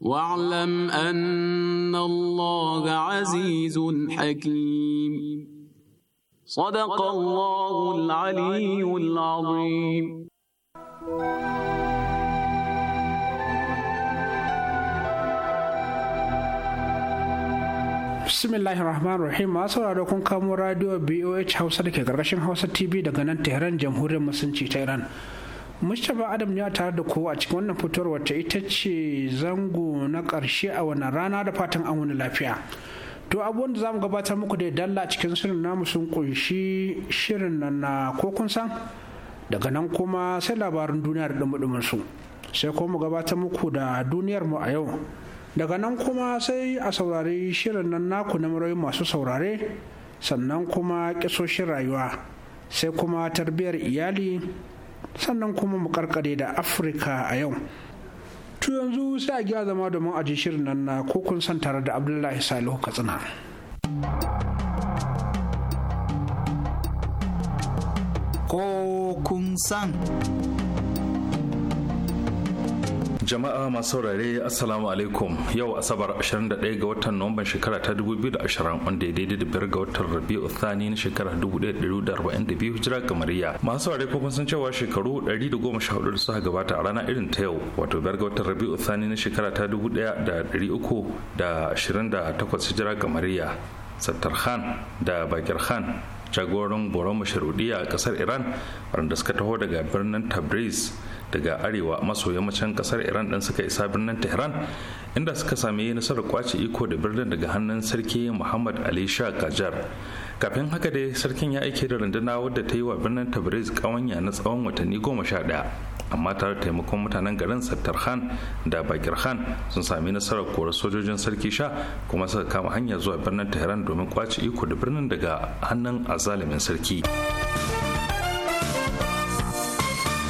واعلم ان الله عزيز حكيم صدق الله العلي العظيم bismillahi rahman rahim ma sauraro kun kamo radio boh hausa da ke karkashin hausa tv daga nan tehran jamhuriyar musulunci ta iran Mustapha Adam ya tare da kowa a cikin wannan fitowar ta ita ce zango na ƙarshe a wannan rana da fatan an wani lafiya. To abubuwan da za mu gabatar muku da dalla a cikin shirin namu sun kunshi shirin nan na ko kun san daga nan kuma sai labarin duniyar dumudumin su sai kuma mu gabatar muku da duniyar mu a yau daga nan kuma sai a saurari shirin nan naku na murayi masu saurare sannan kuma kisoshin rayuwa sai kuma tarbiyyar iyali sannan kuma mu karkare da afirka a yau to yanzu sai a gya zama domin aji shirin nan na ko kun san tare da abdullahi salihu katsina ko kun san Jama'a masu saurare Assalamu alaikum yau Asabar 21 ga watan Nuwamban shekara ta 2020 wanda ya daidai da biyar ga watan Rabi'u Thani na shekara 1442 hijira kamariya. Masu saurare kuma sun cewa shekaru 114 da suka gabata a rana irin ta yau wato biyar ga watan Rabi'u Thani na shekara ta 1328 hijira kamariya. Sattar Khan da Bakir Khan jagoran Boron Masharudiya a kasar Iran waɗanda suka taho daga birnin Tabriz daga arewa maso yammacin kasar iran din suka isa birnin tehran inda suka sami nasarar kwace iko da birnin daga hannun sarki muhammad ali shah kajar kafin haka dai sarkin ya aike da runduna wadda ta yi wa birnin tabriz kawanya na tsawon watanni goma sha daya amma tare da taimakon mutanen garin sattar khan da bakir khan sun sami nasarar korar sojojin sarki sha kuma suka kama hanya zuwa birnin tehran domin kwace iko da birnin daga hannun azalimin sarki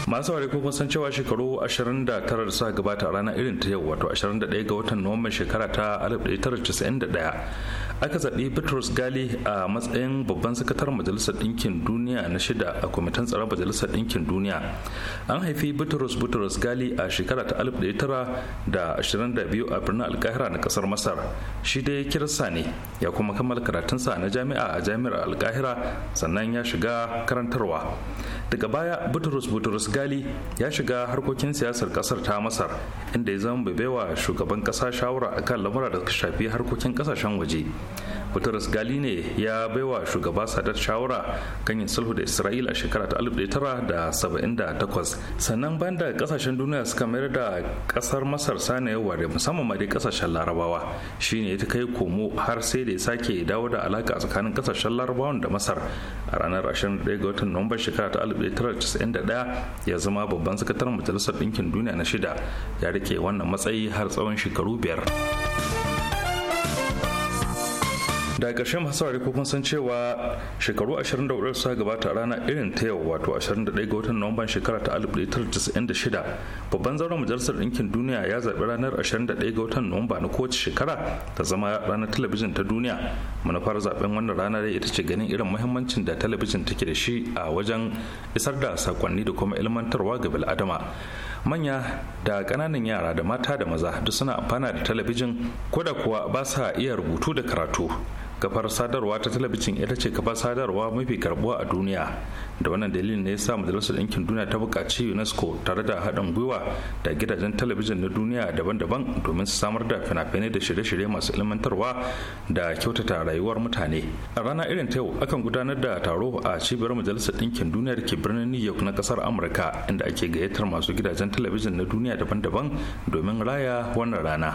masu ware kun san cewa shekaru 29 da suka gabata a ranar irin ta yau wato 21 ga watan nuwamban shekara ta 1991 aka zaɓi bitrus gali a matsayin babban sakataren majalisar ɗinkin duniya na shida a kwamitin tsaron majalisar ɗinkin duniya an haifi bitrus bitrus gali a shekara ta 1922 a birnin alkahira na ƙasar masar shi dai kirsa ne ya kuma kammala karatunsa na jami'a a jami'ar alkahira sannan ya shiga karantarwa daga baya bitrus bitrus gali ya shiga harkokin siyasar ƙasar ta masar inda ya zama bai baiwa shugaban ƙasa shawara akan lamura da shafi harkokin ƙasashen waje Guterres galine ne ya baiwa shugaba Sadat shawara kan yin sulhu da Isra'ila a shekara ta 1978 sannan banda kasashen duniya suka mayar da kasar Masar sanayar ware musamman ma dai kasashen Larabawa shine ta kai komo har sai da ya sake dawo da alaka tsakanin kasashen Larabawan da Masar a ranar 21 ga watan nuwamba shekara ta 1991 ya zama babban sakataren majalisar ɗinkin duniya na shida ya rike wannan matsayi har tsawon shekaru biyar. da ƙarshen masu saurari ko kun san cewa shekaru 24 suka gabata rana irin ta yau wato 21 ga watan nuwamban shekara ta 1996 babban zauren majalisar ɗinkin duniya ya zaɓi ranar 21 ga watan nuwamba na kowace shekara ta zama ranar talabijin ta duniya manufar zaɓen wannan rana dai ita ce ganin irin muhimmancin da talabijin take da shi a wajen isar da sakonni da kuma ilmantarwa ga bil'adama manya da ƙananan yara da mata da maza duk suna amfana da talabijin ko da kuwa ba sa iya rubutu da karatu kafar sadarwa ta talabijin ita ce kafar sadarwa mafi karbuwa a duniya da wannan dalilin ne ya sa majalisar ɗinkin duniya ta buƙaci unesco tare da haɗin gwiwa da gidajen talabijin na duniya daban-daban domin su samar da fina-finai da shirye-shirye masu ilmantarwa da kyautata rayuwar mutane a rana irin ta yau akan gudanar da taro a cibiyar majalisar ɗinkin duniya da ke birnin new york na ƙasar amurka inda ake gayyatar masu gidajen talabijin na duniya daban-daban domin raya wannan rana.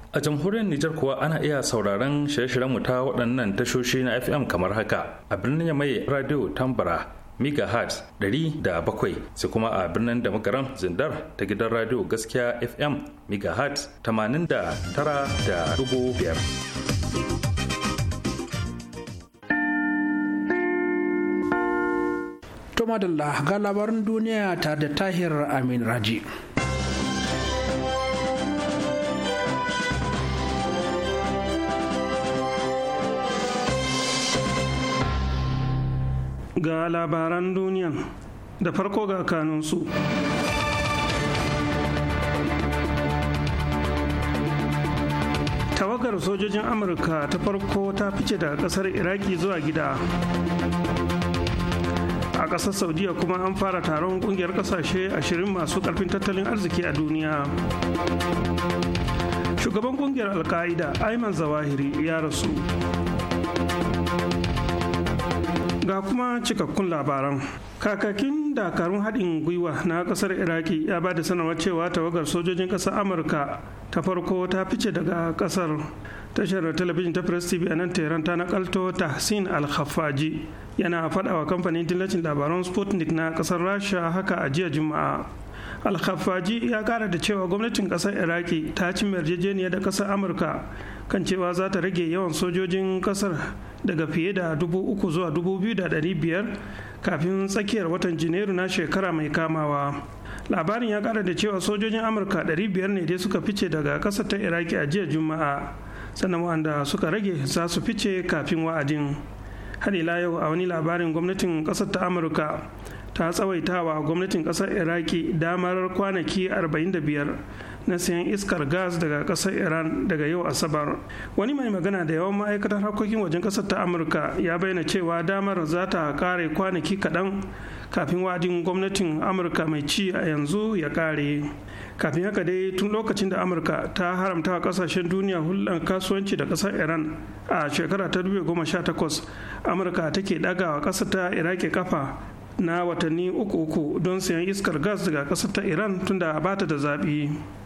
A jamhuriyar Nijar kuwa ana iya sauraron shirye-shiryen ta waɗannan tashoshi na FM kamar haka a birnin mai radio Tambara megahertz 107 sai kuma a birnin da makaran zindar ta gidan radio gaskiya fm megahertz 89.5 to ga labarin duniya tare da tahir amin raji ga labaran duniyan da farko ga kanunsu. tawagar sojojin amurka ta farko ta fice daga kasar iraki zuwa gida a kasar saudiya kuma an fara taron kungiyar kasashe ashirin masu karfin tattalin arziki a duniya shugaban kungiyar alka'ida ayman zawahiri ya rasu ga kuma cikakkun labaran kakakin dakarun haɗin gwiwa na ƙasar iraki ya ba da sanarwar cewa tawagar sojojin ƙasar amurka ta farko ta fice daga ƙasar tashar talabijin ta press tv a nan tehran ta nakalto tahsin al-khafaji yana faɗa wa kamfanin dillacin labaran sputnik na ƙasar rasha haka a jiya juma'a al ya ƙara da cewa gwamnatin ƙasar iraki ta ci yarjejeniya da ƙasar amurka kan cewa za ta rage yawan sojojin ƙasar daga fiye da dubu uku zuwa dubu biyu da ɗari biyar kafin tsakiyar watan janairu na shekara mai kamawa labarin ya kara da cewa sojojin amurka biyar ne dai suka fice daga ƙasar ta iraki a jiya juma'a sannan wanda suka rage za su fice kafin wa'adin har ila yau a wani labarin gwamnatin ƙasar ta amurka ta tsawaitawa gwamnatin ƙasar iraki damar kwanaki 45 na sayan iskar gas daga kasar iran daga yau asabar wani mai magana da yawan ma'aikatar harkokin wajen kasar ta amurka ya bayyana cewa damar za ta kare kwanaki kaɗan kafin wadin gwamnatin amurka mai ci a yanzu ya kare kafin haka dai tun lokacin da amurka ta haramta ƙasashen kasashen duniya hulɗar kasuwanci da kasar iran a shekara ta 2018 amurka take ɗagawa ƙasar ta iraki kafa na watanni uku uku don sayan iskar gas daga kasar ta iran tunda ba ta da zaɓi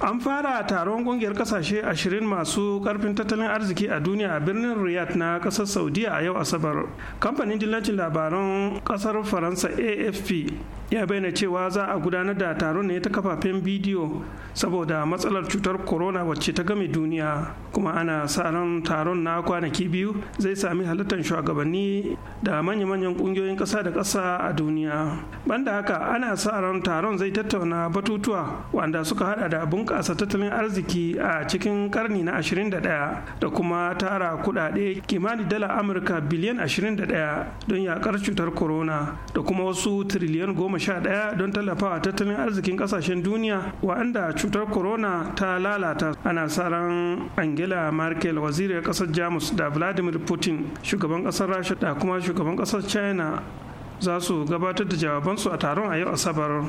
an fara taron kungiyar kasashe ashirin masu karfin tattalin arziki a duniya a birnin riyadh na kasar saudiya a yau asabar kamfanin dillacin labaran kasar faransa afp ya bayyana cewa za a gudanar da taron ne ta kafafen bidiyo saboda matsalar cutar corona wacce ta game duniya kuma ana sa ran taron na kwanaki biyu zai sami halittar shugabanni da manya-manyan kungiyoyin kasa da kasa a duniya banda haka ana sa ran taron zai tattauna batutuwa wanda suka hada da abin bunƙasa tattalin arziki a cikin karni na 21 da kuma tara kuɗaɗe kimanin dala amurka biliyan 21 don yakar cutar corona da kuma wasu tiriliyan 11 don tallafawa tattalin arzikin ƙasashen duniya wa'anda cutar corona ta lalata ana sa ran angela merkel wazirar ƙasar jamus da vladimir putin shugaban ƙasar rasha da kuma shugaban ƙasar china za su gabatar da jawabansu a taron a yau asabar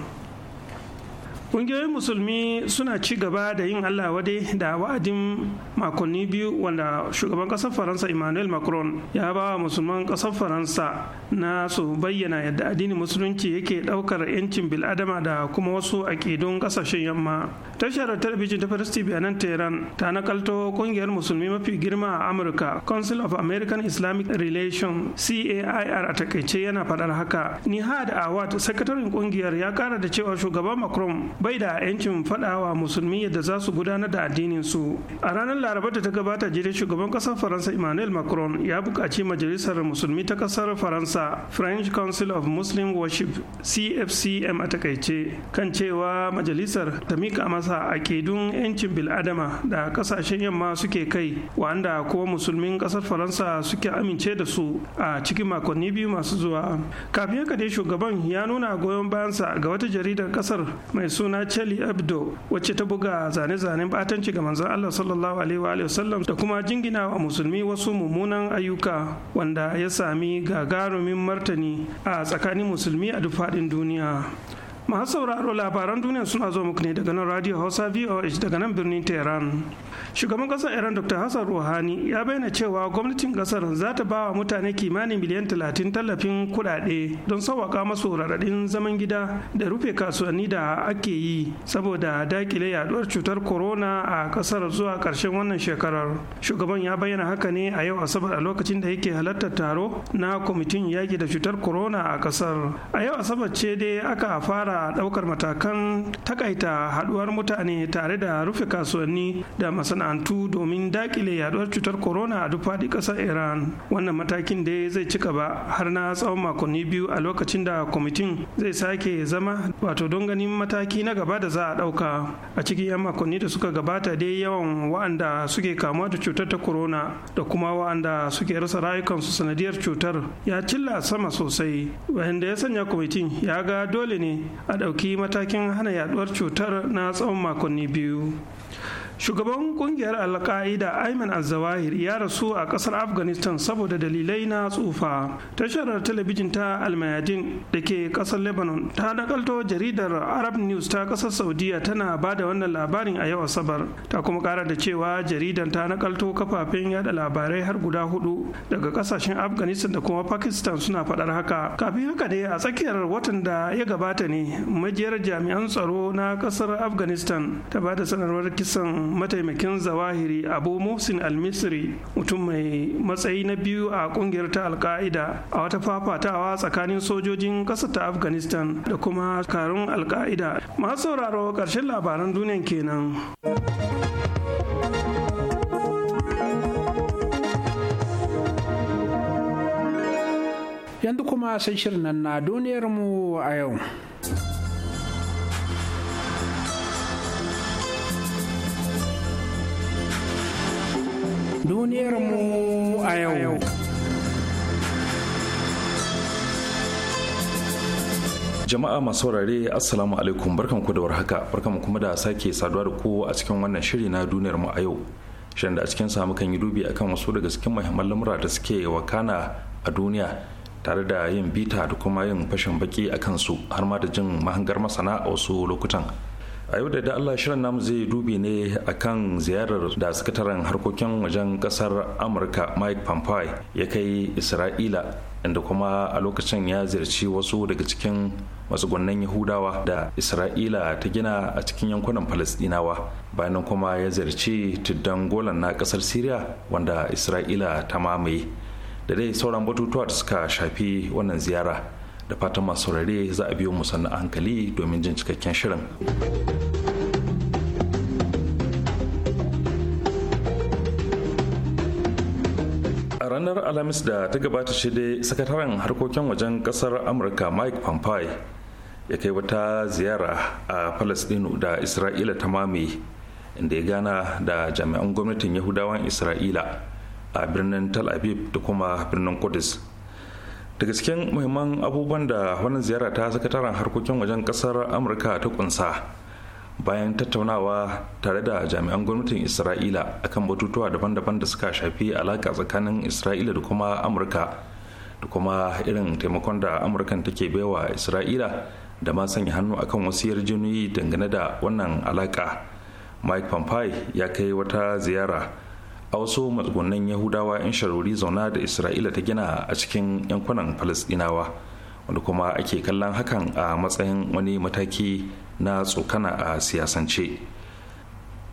Ƙungiyoyin musulmi suna ci gaba da yin Allah wade da wa'adin makonni biyu wanda shugaban ƙasar Faransa Emmanuel Macron ya ba wa musulman ƙasar Faransa na su bayyana yadda addinin musulunci yake ɗaukar 'yancin bil'adama da kuma wasu aƙidun ƙasashen yamma. Tashar talabijin ta Firist TV a nan Tehran ta nakalto ƙungiyar musulmi mafi girma a Amurka Council of American Islamic Relations CAIR a takaice yana faɗar haka. Nihad Awad sakataren ƙungiyar ya ƙara da cewa shugaban Macron bai da 'yancin faɗawa musulmi yadda za su gudanar da addinin su a ranar laraba da ta gabata jire shugaban ƙasar faransa emmanuel macron ya buƙaci majalisar musulmi ta ƙasar faransa french council of muslim worship cfcm a takaice kan cewa majalisar ta mika masa aƙidun 'yancin bil'adama da ƙasashen yamma suke kai wanda kuma musulmin ƙasar faransa suke amince da su a cikin makonni biyu masu zuwa kafin haka dai shugaban ya nuna goyon bayansa ga wata jaridar ƙasar mai suna suna Chali Abdo wacce ta buga zane-zanen batanci ga manzon Allah sallallahu alaihi wa da kuma jingina wa musulmi wasu mummunan ayyuka wanda ya sami gagarumin martani a tsakanin musulmi a duk faɗin duniya. masu sauraro labaran duniya suna zo muku ne daga nan radio hausa voh daga nan birnin tehran shugaban kasar iran dr hassan ruhani ya bayyana cewa gwamnatin kasar za ta ba wa mutane kimanin miliyan talatin tallafin kudade don sauwaka masu raɗaɗin zaman gida da rufe kasuwanni da ake yi saboda dakile yaduwar cutar corona a kasar zuwa ƙarshen wannan shekarar shugaban ya bayyana haka ne a yau asabar a lokacin da yake halartar taro na kwamitin yaki da cutar corona a kasar a yau asabar ce dai aka fara fara ɗaukar matakan takaita haɗuwar mutane tare da rufe kasuwanni da masana'antu domin dakile yaduwar cutar corona a duk faɗi ƙasar iran wannan matakin da zai ci gaba har na tsawon makonni biyu a lokacin da kwamitin zai sake zama wato don ganin mataki na gaba da za a ɗauka a cikin 'yan makonni da suka gabata dai yawan wa'anda suke kamuwa da cutar ta corona da kuma wa'anda suke rasa rayukansu sanadiyar cutar ya cilla sama sosai wanda ya sanya kwamitin ya ga dole ne a ɗauki matakin hana yaduwar cutar na tsawon makonni biyu shugaban kungiyar alka'ida ayman al-zawahir ya rasu a kasar afghanistan saboda dalilai na tsufa tashar talabijin ta almayadin da ke kasar lebanon ta nakalto jaridar arab news ta kasar saudiya tana ba da wannan labarin a yau asabar ta kuma kara da cewa jaridan ta nakalto kafafen yada labarai har guda hudu daga kasashen afghanistan da kuma pakistan suna faɗar haka kafin haka dai a tsakiyar watan da ya gabata ne majiyar jami'an tsaro na kasar afghanistan ta ba da sanarwar kisan mataimakin zawahiri abu musin al-misri mutum mai matsayi na biyu a kungiyar ta alka'ida a wata fafatawa tsakanin sojojin ƙasar ta afghanistan da kuma karun alka'ida masu sauraro ƙarshen labaran duniyan kenan yanzu kuma sai shirin nan na duniyarmu a yau duniyarmu a yau. jama'a masu saurare assalamu alaikum barkan ku da warhaka barkan kuma da sake saduwa da ku a cikin wannan shiri na duniyar mu a yau shirin da a cikin samu kan yi dubi akan wasu daga cikin muhimman lamura da suke wakana a duniya tare da yin bita da kuma yin fashin baki akan su har ma da jin mahangar masana a wasu lokutan a yau da da allah shirin namu zai dubi ne akan ziyarar da sakataren harkokin wajen kasar amurka mike pompeo ya kai isra'ila inda kuma a lokacin ya ziyarci wasu daga cikin matsugunan yahudawa da isra'ila ta gina a cikin yankunan falasdinawa bayan kuma ya ziyarci tuddan golan na kasar syria wanda isra'ila ta mamaye da dai sauran batutuwa da suka shafi wannan ziyara da fatan masu saurare za a biyo mu sannan hankali domin jin cikakken shirin a ranar alhamis da ta gabata shi dai sakataren harkokin wajen kasar amurka mike pompeo ya kai wata ziyara a palestino da isra'ila ta mame inda ya gana da jami'an gwamnatin yahudawan isra'ila a birnin Tal aviv da kuma birnin kudus daga cikin muhimman abubuwan da wannan ziyara ta sakataren harkokin wajen kasar amurka ta kunsa bayan tattaunawa tare da jami'an gwamnatin isra'ila akan batutuwa daban-daban da suka shafi alaka tsakanin isra'ila da kuma amurka da kuma irin taimakon da amurkan take baiwa isra'ila da ma sanya hannu akan wasu yarjejeniyoyi dangane da wannan alaƙa mike pompeo ya kai wata ziyara a wasu matsugunan yahudawa 'yan sharori zauna da isra'ila ta gina a cikin yankunan falasdinawa wanda kuma ake kallon hakan a matsayin wani mataki na tsokana a siyasance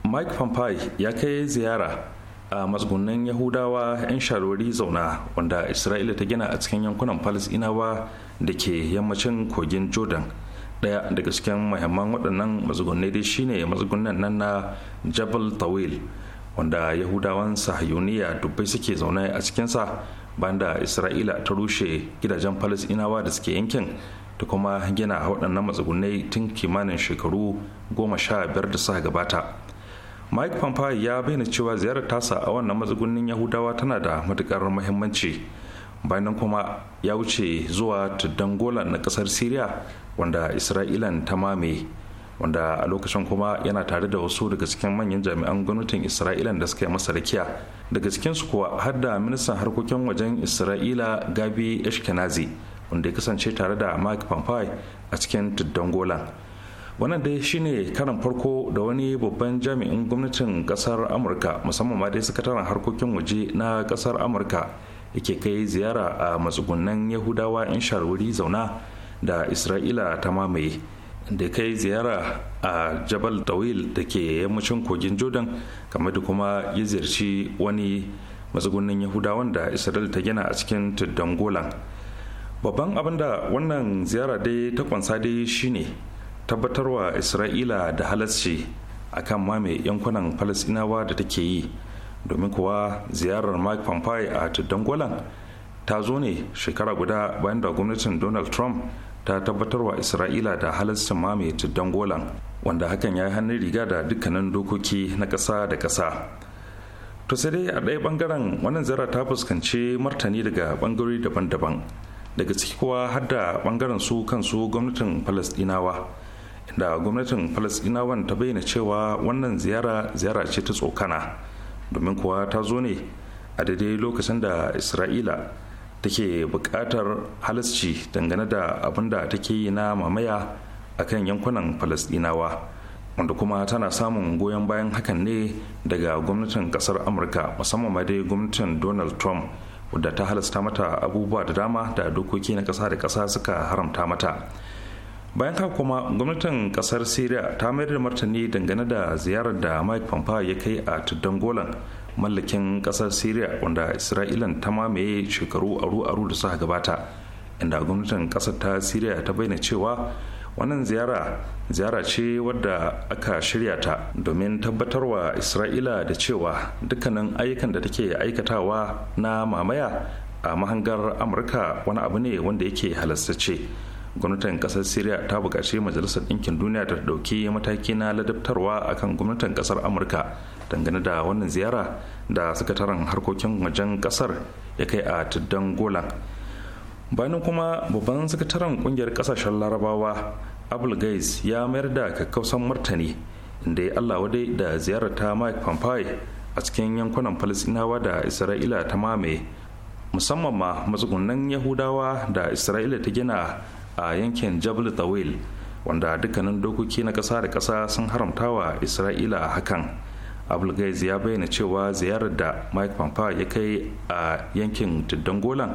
mike pompey ya kai ziyara a matsugunan yahudawa 'yan sharori zauna wanda isra'ila ta gina a cikin yankunan falasdinawa da ke yammacin kogin jordan daya daga cikin muhimman waɗannan matsugunai dai shine matsugunan nan na jabal tawil wanda yahudawan sahayuniya dubbai suke zaune a cikinsa bayan da isra'ila ta rushe gidajen falasinawa da suke yankin da kuma gina waɗannan matsugunai tun kimanin shekaru goma sha biyar da suka gabata mike pompeo ya bayyana cewa ziyarar tasa a wannan matsugunin yahudawa tana da matuƙar muhimmanci bayan kuma ya wuce zuwa tuddan golan na ƙasar syria wanda isra'ilan ta mame wanda a lokacin kuma yana tare da wasu daga cikin manyan jami'an gwamnatin isra'ila da suka yi masa rakiya daga cikinsu kuwa har da ministan harkokin wajen isra'ila gabi ashkenazi wanda ya kasance tare da mike pompeo a cikin tuddan golan wannan dai shine karin farko da wani babban jami'in gwamnatin kasar amurka musamman ma dai sakataren harkokin waje na kasar amurka yake kai ziyara a matsugunan yahudawa in sharwari zauna da isra'ila ta mamaye da kai ziyara a jabal tawil da ke yammacin kogin jordan kamar da kuma ya ziyarci wani matsugunin yahudawan da isra'il ta gina a cikin tuddan golan babban abin da wannan ziyara dai ta kwansa dai shine tabbatarwa isra'ila da halasci akan mame yankunan falasinawa da take yi domin kuwa ziyarar mike pompeo a tuddan golan ta zo ne shekara guda bayan da gwamnatin donald trump ta tabbatar wa isra'ila da halarsa mamaye tuddan golan wanda hakan ya yi hannun riga da dukkanin dokoki na ƙasa da ƙasa to sai dai a ɗaya ɓangaren wannan zara ta fuskanci martani daga ɓangarori daban-daban daga ciki kuwa har da ɓangaren su kansu gwamnatin falasɗinawa inda gwamnatin falasɗinawan ta bayyana cewa wannan ziyara ziyara ce ta tsokana domin kuwa ta zo ne a daidai lokacin da isra'ila take buƙatar halasci dangane da abin da take yi na mamaya a kan yankunan falasdinawa wanda kuma tana samun goyon bayan hakan ne daga gwamnatin ƙasar amurka musamman ma dai gwamnatin donald trump wadda ta halasta mata abubuwa da dama da dokoki na ƙasa da ƙasa suka haramta mata bayan haka kuma gwamnatin ƙasar syria ta mayar da martani dangane da ziyarar da mike pompeo ya kai a tuddan golan mallakin kasar syria wanda isra'ilan ta mamaye shekaru aru-aru da suka gabata inda gwamnatin kasar ta syria ta bayyana cewa wannan ziyara ziyara ce wadda aka shirya ta domin tabbatarwa isra'ila da cewa dukkanin ayyukan da take aikatawa na mamaya a mahangar amurka wani abu ne wanda yake halastace gwamnatin kasar syria ta buƙaci majalisar ɗinkin duniya ta ɗauki mataki na ladabtarwa akan gwamnatin kasar amurka dangane da wannan ziyara da sakataren harkokin wajen kasar ya kai a tuddan golan bayan kuma babban sakataren kungiyar kasashen larabawa abul gais ya mayar da kakkausan martani inda ya allah wadai da ziyarar ta mike pompeo a cikin yankunan falasinawa da isra'ila ta mamaye musamman ma matsugunan yahudawa da isra'ila ta gina a yankin jabal tawil wanda dukkanin dokoki na ƙasa da ƙasa sun haramtawa isra'ila hakan abulgaiz ya bayyana cewa ziyarar da mike pompeo ya kai a yankin tiddangolan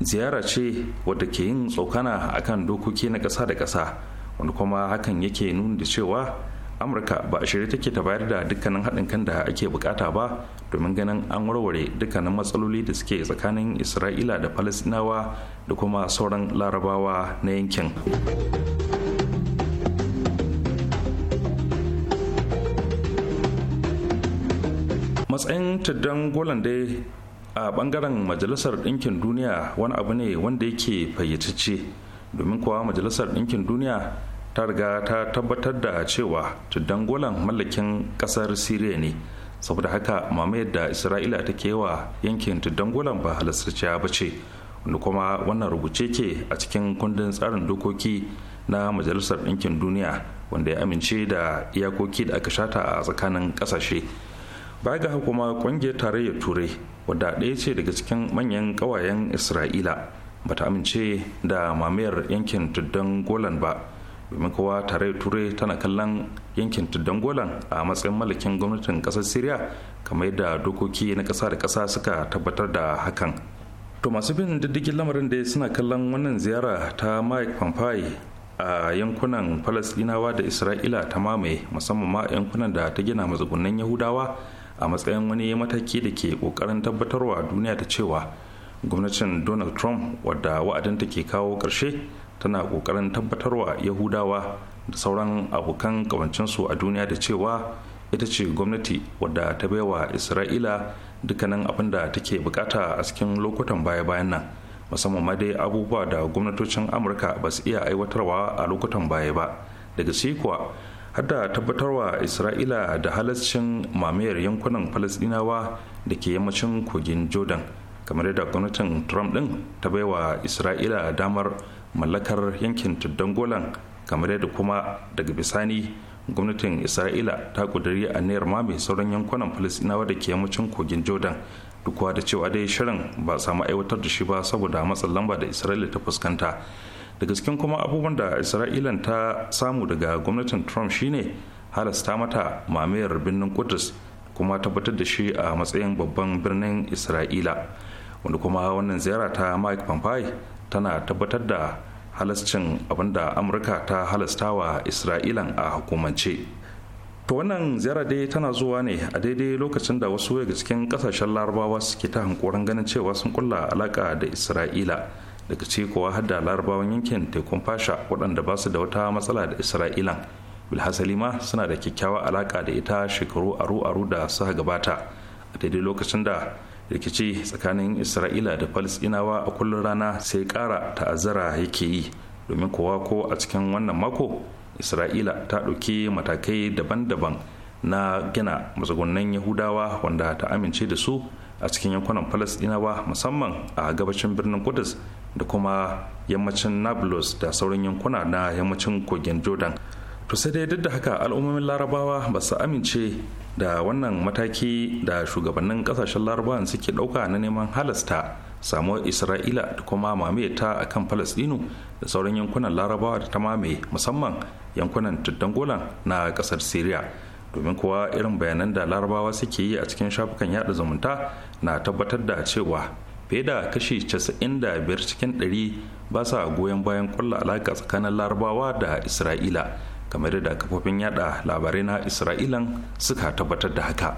ziyara ce wadda ke yin tsokana a kan dokoki na ƙasa da ƙasa wanda kuma hakan yake nuna da cewa amurka ba a shirye take ta bayar da dukkanin haɗin kan da ake bukata ba domin ganin an warware dukkanin matsaloli da suke tsakanin isra'ila da falasinawa da kuma sauran larabawa na yankin matsayin tuddan golan dai a bangaren majalisar ɗinkin duniya wani abu ne wanda yake fayyacece domin kuwa majalisar ɗinkin duniya ta riga ta tabbatar da cewa tuddan golan mallakin ƙasar siriya ne saboda haka mamayar da isra'ila take wa yankin tuddan golan ba halastarciya ba ce wanda kuma wannan rubuce ke a cikin kundin tsarin dokoki na majalisar ɗinkin duniya wanda ya amince da iyakoki da aka shata a tsakanin ƙasashe baya ga kuma kungiyar tarayyar turai wadda ɗaya ce daga cikin manyan ƙawayen isra'ila ba ta amince da mamayar yankin tuddan golan ba domin kowa tarayyar turai tana kallon yankin tuddan golan a matsayin malakin gwamnatin ƙasar syria kamar yadda dokoki na ƙasa da ƙasa suka tabbatar da hakan to masu bin diddigin lamarin da suna kallon wannan ziyara ta mike pompeo a yankunan Falasdinawa da isra'ila ta mamaye musamman ma yankunan da ta gina matsugunan yahudawa a matsayin wani mataki da ke kokarin tabbatarwa duniya ta cewa gwamnatin donald trump wadda wa'adin ta ke kawo ƙarshe tana kokarin tabbatarwa yahudawa da sauran abokan ƙawancinsu a duniya da cewa ita ce gwamnati wadda ta baiwa isra'ila dukkanin abin da take bukata a cikin lokutan baya-bayan nan musamman ma dai abubuwa da gwamnatocin amurka ba su iya aiwatarwa a lokutan baya ba daga kuwa har da tabbatarwa isra'ila da halascin mamayar yankunan falasdinawa da ke yammacin kogin jordan kamar yadda gwamnatin trump din ta wa isra'ila damar mallakar yankin tuddan golan kamar yadda kuma daga bisani gwamnatin isra'ila ta kuduri aniyar mai sauran yankunan falasdinawa da ke yammacin kogin jordan duk da cewa dai shirin ba samu aiwatar da shi ba saboda matsin lamba da isra'ila ta fuskanta da gasken kuma abubuwan da isra'ilan ta samu daga gwamnatin trump shine halasta mata mamayar birnin kudus kuma tabbatar da shi a matsayin babban birnin isra'ila wanda kuma wannan ziyara ta mike pompeo tana tabbatar da halascin abinda amurka ta halasta wa isra'ilan a hukumance to wannan ziyara dai tana zuwa ne a daidai lokacin da wasu daga cikin kasashen larabawa suke ta hankoron ganin cewa sun kulla alaka da isra'ila daga ciki kuwa har da larabawan yankin tekun fasha waɗanda ba su da wata matsala da isra'ilan bilhassali ma suna da kyakkyawa alaƙa da ita shekaru aru-aru da suka gabata a daidai lokacin da rikici tsakanin isra'ila da falisdinawa a kullum rana sai ƙara ta'azzara yake yi domin kowa ko a cikin wannan mako isra'ila ta ɗauki matakai daban-daban na gina matsugunan yahudawa wanda ta amince da su a cikin yankunan falasdinawa musamman a gabashin birnin kudus da kuma yammacin nablus da sauran yankuna na yammacin kogin jordan to sai dai duk da haka al'ummomin larabawa ba su amince da wannan mataki da shugabannin kasashen larabawan suke ɗauka na neman halasta samuwar isra'ila da kuma mamaye ta kan falasdinu da sauran yankunan larabawa da ta mamaye musamman yankunan tuddan na ƙasar syria domin kuwa irin bayanan da larabawa suke yi a cikin shafukan yada zumunta na tabbatar da cewa fiye da kashi 95 cikin 100 ba sa goyon bayan kulla alaƙa tsakanin larabawa da isra'ila kamar da kafofin yada labarai na isra'ilan suka tabbatar da haka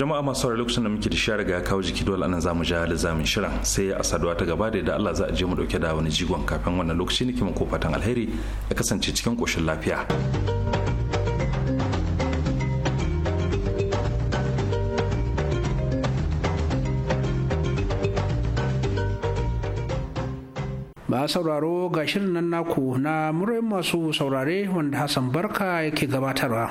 jama'a masu saurari lokacin da muke da shi riga kawo jiki dole anan zamu ja zamin shirin sai a saduwa ta gaba da Allah za a je mu dauke da wani jigon kafin wannan lokaci nake muku fatan alheri a kasance cikin koshin lafiya. ba sauraro ga shirin nan naku na murai masu saurare wanda hassan barka yake gabatarwa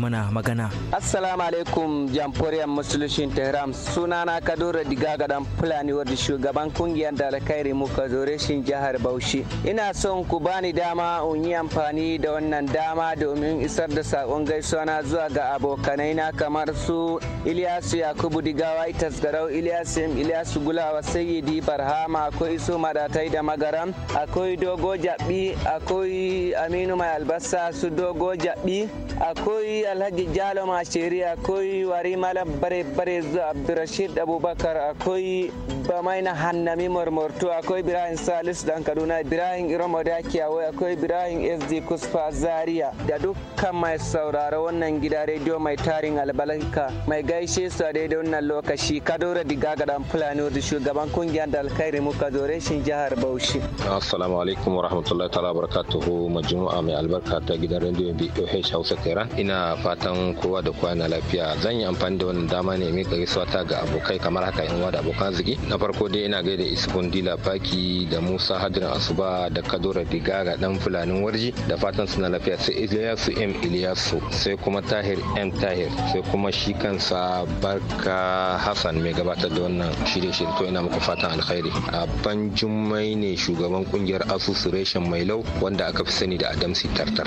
mana magana. Assalamu alaikum jamforiyar musulushin Tehran sunana Kadura Diga gadan Fulani wadda shugaban kungiyar dalakai zore shi jihar Bauchi. Ina son ku bani dama in yi amfani da wannan dama domin isar da sakon gaisuwa na zuwa ga abokanai na kamar su Ilyasu Yakubu Digawa Itas Garau Ilyasu Ilyasu Gulawa Sayyidi Barhama akwai Isu Madatai da Magaram akwai Dogo Jabi akwai Aminu Mai Albasa su Dogo Jabi akwai alhaji jalo mashiri akwai wari malam bare bare zuwa abdurashid abubakar akwai bamaina hannami murmurtu, akwai ibrahim salisu dan kaduna ibrahim iroma dakiyawa akwai ibrahim sd kusfa zaria da dukkan mai sauraro wannan gida rediyo mai tarin albalanka mai gaishe su a daidai wannan lokaci kadora diga gadan fulani da shugaban kungiyar da alkhairi muka zore shin jihar bauchi assalamu alaikum wa rahmatullahi ta'ala barakatuhu majmu'a mai albarka ta gidan rediyo boh hausa tehran ina fatan kowa da kowa na lafiya zan yi amfani da wannan dama ne mika gaisuwa ta ga abokai kamar haka yan da abokan arziki na farko dai ina gaida isufun dila faki da musa hadirin asuba da kadura ga dan fulanin warji da fatan su na lafiya sai iliyasu m iliyasu sai kuma tahir m tahir sai kuma shi kansa barka hassan mai gabatar da wannan shirye shirye to ina muku fatan alkhairi a ban jummai ne shugaban kungiyar asusu reshen mai lau wanda aka fi sani da adamsi tartar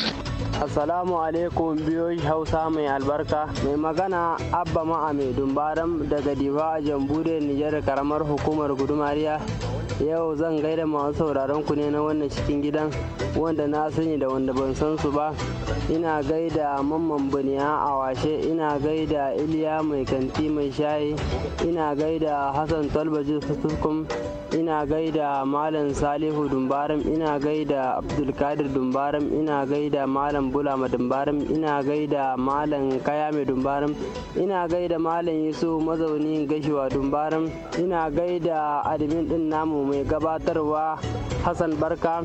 assalamu alaikum biyoyi hausa mai albarka mai magana abba ma'a mai dumbaram daga diba a jamhuriyar nijar karamar hukumar gudumariya yau zan gaida masu sauraron ku ne na wannan cikin gidan wanda na sani da wanda ban san su ba ina gaida mamman baniya a washe ina gaida iliya mai kanti mai shayi ina gaida hassan talbaji sutukum ina gaida malam salihu dumbaram ina gaida abdulkadir dumbaram ina gaida malam bulama dumbaram ina gaida gaida malam kaya mai dumbarin ina gaida malam yusuf mazaunin gashiwa dumbarin ina gaida admin din namu mai gabatarwa hassan barka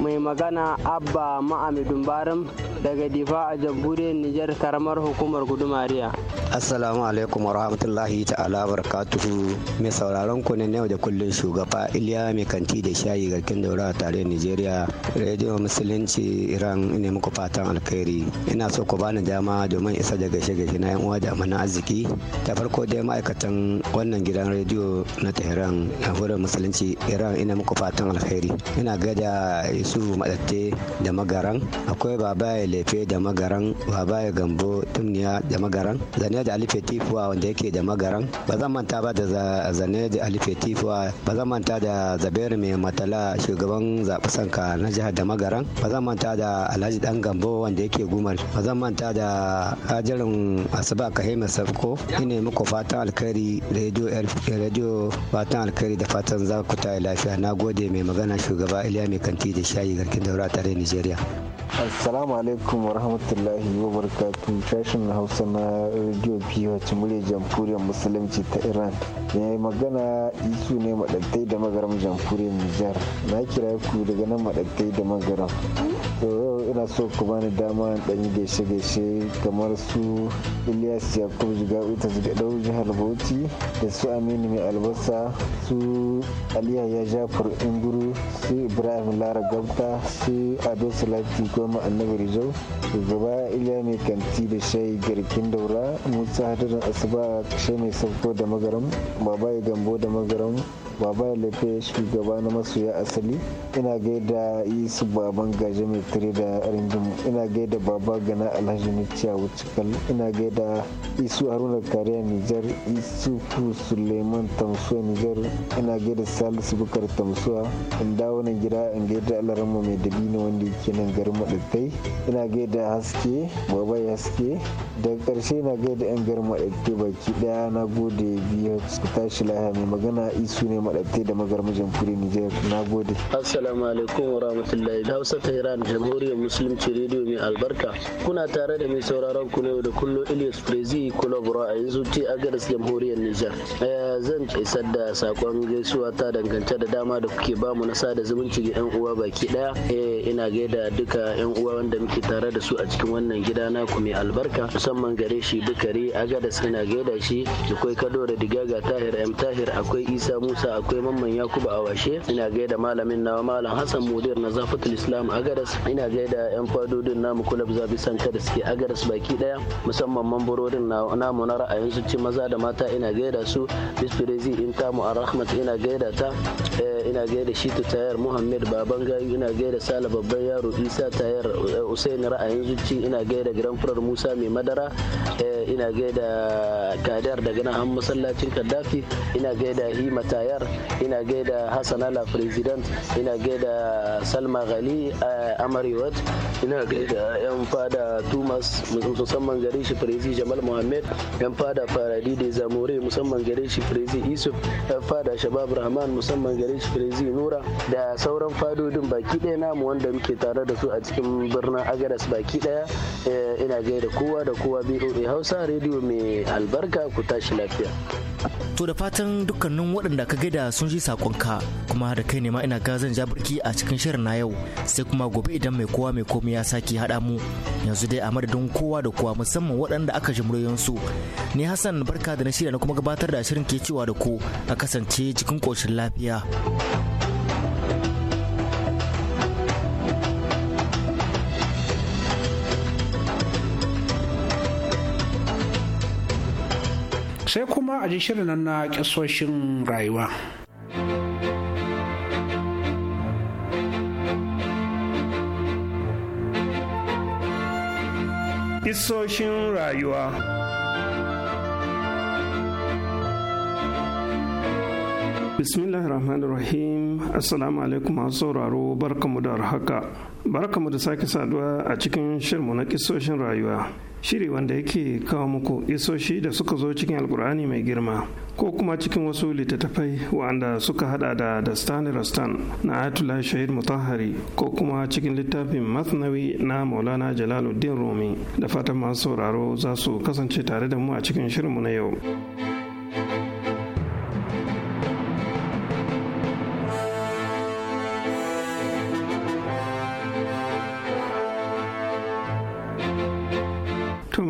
mai magana abba ma'ami dumbarin daga difa a jamhuriyar nijar karamar hukumar gudumariya Assalamu alaikum wa rahmatullahi ta'ala barakatuhu mai sauraron ku ne yau da kullun shugaba Iliya mai kanti da shayi garkin daura a tare Nigeria Radio Musulunci Iran ne muku fatan alkhairi ina so ku bani dama domin isa da gashe gashe na yan uwa da amana arziki ta farko dai ma'aikatan wannan gidan radio na Tehran na hurar musulunci Iran ina muku fatan alkhairi ina gada Yusuf Madatte da Magaran akwai Babaye Lefe da Magaran Babaye Gambo Tumniya da Magaran Zane da alife tifuwa wanda yake da magaran ba zan manta ba da zane da alife tifuwa ba zan manta da zaberi mai matala shugaban zaɓi sanka na jihar da magaran ba zan manta da alhaji dan gambo wanda yake gumar ba zan manta da hajarin asuba kahima safko ina muku fatan alkhairi radio fatan alkhairi da fatan za ku ta lafiya na gode mai magana shugaba iliya mai kanti da shayi garkin daura tare nigeria assalamu alaikum wa wabarakatuh sashen hausa na radio biyu wacce murya jamhuriyar musulunci ta Iran. yi magana isu ne maɗattai da magaram jamhuriyar Nijar. Na kira ku daga nan maɗattai da magaram. yau ina so ku bani dama ɗan gaishe-gaishe kamar su Ilyas Yakubu Jigawi ta jihar Bauchi da su Aminu Mai Albasa su Aliya ya Jafar Inguru su Ibrahim Lara Gabta su Ado Salati Goma Annabi Rijau gaba Iliya Mai Kanti da shayi Garkin Daura musa hadarin asuba shi ne sauko da magaram babaye gambo da magaram babaye lafiya shugaba na masoya asali ina gaida isu baban gaji mai tare da rindin ina gaida baba gana alhaji nuciya wucikal ina gaida isu haruna kariya nijar isu fu suleiman tamsuwa nijar ina gaida salisu bukar tamsuwa in dawo nan gida in gaida alarama mai dabino wanda yake nan garin maɗattai ina gaida haske babaye haske daga ƙarshe ina gaida yan garma maɗaite baki ɗaya na gode biyu su tashi lahiya mai magana isu ne maɗaite da magarmajin fure nijar na gode. assalamu alaikum wa rahmatullahi da hausa ta iran jamhuriyar musulunci rediyo mai albarka kuna tare da mai sauraron ku ne da kullum ilyas frezi bura a yanzu ce a garis jamhuriyar nijar eh, zan isar da sakon gaisuwa ta dangance da dama da kuke bamu na sada zumunci ga yan uwa baki ɗaya eh, ina gaida duka yan uwa wanda muke tare da su a cikin wannan gida naku mai albarka musamman gare shi duka Buhari Agadas ina gaida shi akwai Kado da Digaga Tahir M Tahir akwai Isa Musa akwai Mamman Yakubu washe. ina gaida malamin nawa Malam Hassan Mudir na Zafatul Islam Agadas ina gaida yan fadodin namu kulab zabi sanka da suke Agadas baki daya musamman mambarorin namu na ra'ayin su ci maza da mata ina gaida su Bisfirezi a rahmat ina gaida ta eh, ina gaida shi ta tayar Muhammad Baban Gayu ina gaida Sala babban yaro Isa tayar eh, Usaini ra'ayin zuci ina gaida Grand Musa mai madara eh, ina ina gaida kadar daga nan an masallacin kaddafi ina gaida hima tayar ina gaida hassan ala president ina gaida salma ghali eh, amariwat ina gaida yan fada tumas musamman gare shi firizi jamal muhammed yan fada faradi da zamore musamman gare shi firizi isuf yan fada shabab rahman musamman gare shi firizi nura da sauran fadodin baki ɗaya namu wanda muke tare da su a cikin birnin agadas baki ɗaya eh, ina gaida kowa da kowa boa hausa rediyo mai albarka ku tashi lafiya. To da fatan dukkanin waɗanda ka gaida sun ji sakonka kuma da kai ne ma ina ga zan ja birki a cikin shirin na yau sai kuma gobe idan mai kowa mai komai ya sake haɗa mu yanzu dai a madadin kowa da kowa musamman waɗanda aka ji su Ni Hassan barka da na shirya na kuma gabatar da shirin ke cewa da ku a kasance cikin ƙoshin lafiya. sai kuma a ji shirin na kisoshin rayuwa Isoshin rayuwa bismillahir rahmanir rahim assalamu alaikum masu sauraro barkamu da haka barkamu da sake saduwa a cikin shirmu na kisoshin rayuwa shiri wanda yake kawo muku isoshi da suka zo cikin alkur'ani mai girma ko kuma cikin wasu littattafai wanda suka hada da dastan rastan na atula shahid mutahari ko kuma cikin littafin masnawi na maulana jalaluddin rumi da fatan masu sauraro za su kasance tare da mu a cikin shirinmu na yau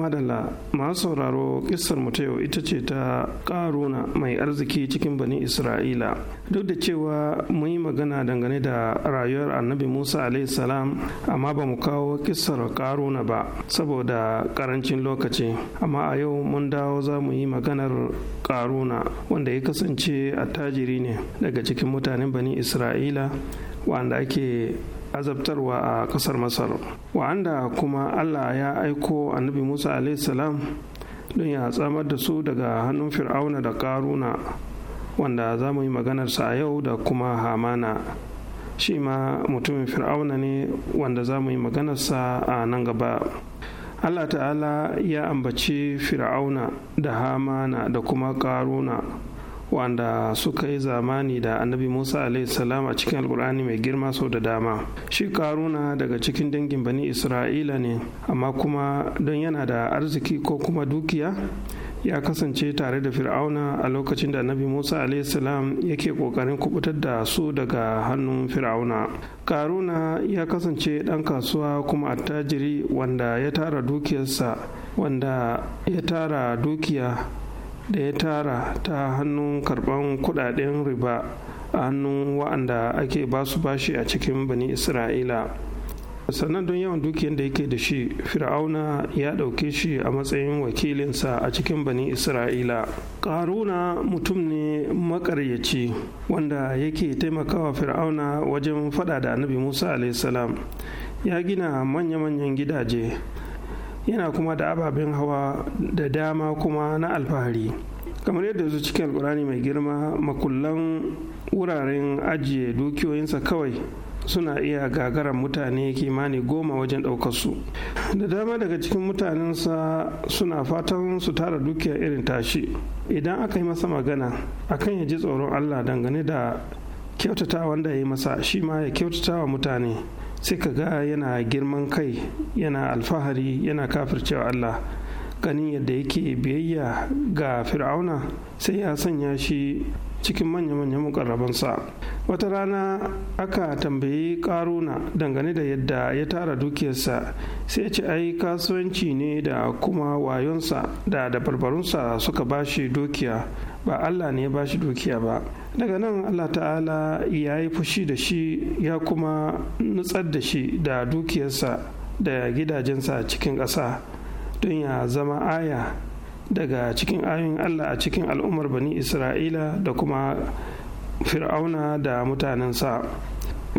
madalla masu sauraro kisar mu ta yau ita ce ta karuna mai arziki cikin bani isra'ila duk da cewa mun yi magana dangane da rayuwar annabi musa salam amma ba mu kawo kisar karuna ba saboda karancin lokaci amma a yau mun dawo za mu yi maganar karuna wanda ya kasance attajiri ne daga cikin mutanen bani isra'ila wanda ake azabtarwa a ƙasar masar wa'anda kuma allah ya aiko annabi musa salam don ya tsamar da su daga hannun fir'auna da ƙaruna, wanda za mu yi maganarsa a yau da kuma hamana shi ma mutumin fir'auna ne wanda za mu yi maganarsa a nan gaba allah ta'ala ya ambaci fir'auna da hamana da kuma ƙaruna. wanda suka yi zamani da annabi musa salam a cikin alkur'ani mai girma sau da dama shi karuna daga cikin dangin bani isra'ila ne amma kuma don yana da arziki ko kuma dukiya ya kasance tare da fir'auna a lokacin da annabi musa salam yake kokarin kubutar da su daga hannun fir'auna karuna ya kasance ɗan kasuwa kuma attajiri wanda ya tara dukiyarsa wanda ya tara dukiya da ya tara ta hannun karban kudaden riba a hannun wa'anda ake basu bashi a cikin bani isra'ila sannan don yawan dukiyar da yake da shi fir'auna ya ɗauke shi a matsayin wakilinsa a cikin bani isra'ila ƙaruna mutum ne maƙaryaci wanda yake taimakawa fir'auna wajen faɗa da annabi musa salam ya gina manya-manyan gidaje yana kuma da ababen hawa da dama kuma na alfahari kamar yadda su cikin alkurani mai girma makullan wuraren ajiye dukiyoyinsa kawai suna iya gagarar mutane kimani goma wajen su. da dama daga cikin mutanensa suna fatan su tara dukiya irin tashi idan aka yi masa magana akan ya ji tsoron allah dangane da kyautata wanda ya yi masa shi ma ya kyautata wa mutane sai ka ga yana girman kai yana alfahari yana kafircewa Allah ganin yadda yake biyayya ga fir'auna sai ya sanya shi cikin manya-manyan mukarrabansa wata rana aka tambayi karuna dangane da yadda ya tara dukiyarsa sai ce ai kasuwanci ne da kuma wayonsa da dabarbarunsa suka bashi dukiya ba allah ne ya bashi dukiya ba daga nan allah ta'ala ya yi fushi da shi ya kuma nutsar da shi da dukiyarsa da gidajensa cikin ƙasa don ya zama aya daga cikin ayoyin Allah a cikin al'ummar bani Isra'ila da kuma fir'auna da mutanensa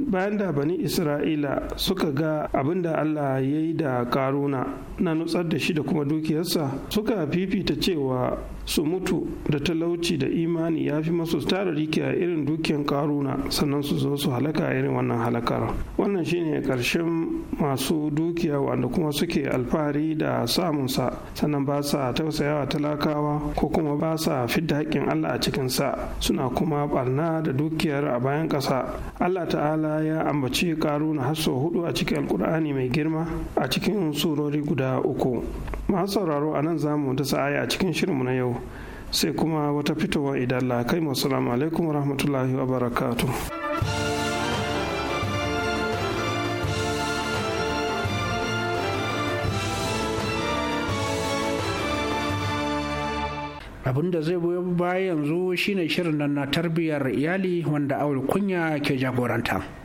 bayan da bani isra'ila suka ga abin da allah ya yi da karuna na nutsar da shi da kuma dukiyarsa suka fifita cewa su mutu da talauci da imani ya fi masu tara rikiya irin dukiyan karuna sannan su zo su halaka irin wannan halakar wannan shine karshen masu dukiya wanda kuma suke alfahari da samunsa sannan ba sa tausayawa talakawa ko kuma ba sa fidda haƙƙin allah a cikinsa suna kuma barna da dukiyar a bayan ƙasa allah ta'ala ya ambaci karuna na hudu a cikin alkur'ani mai girma a cikin surori guda uku masu sauraro a nan zamu da sa'aya a cikin shirinmu na yau sai kuma wata fitowa idan la kai mu alaikum wa rahmatullahi wa barakatuh abin da zai goyo baya yanzu shine shirin nan na tarbiyyar iyali wanda awul kunya ke jagoranta.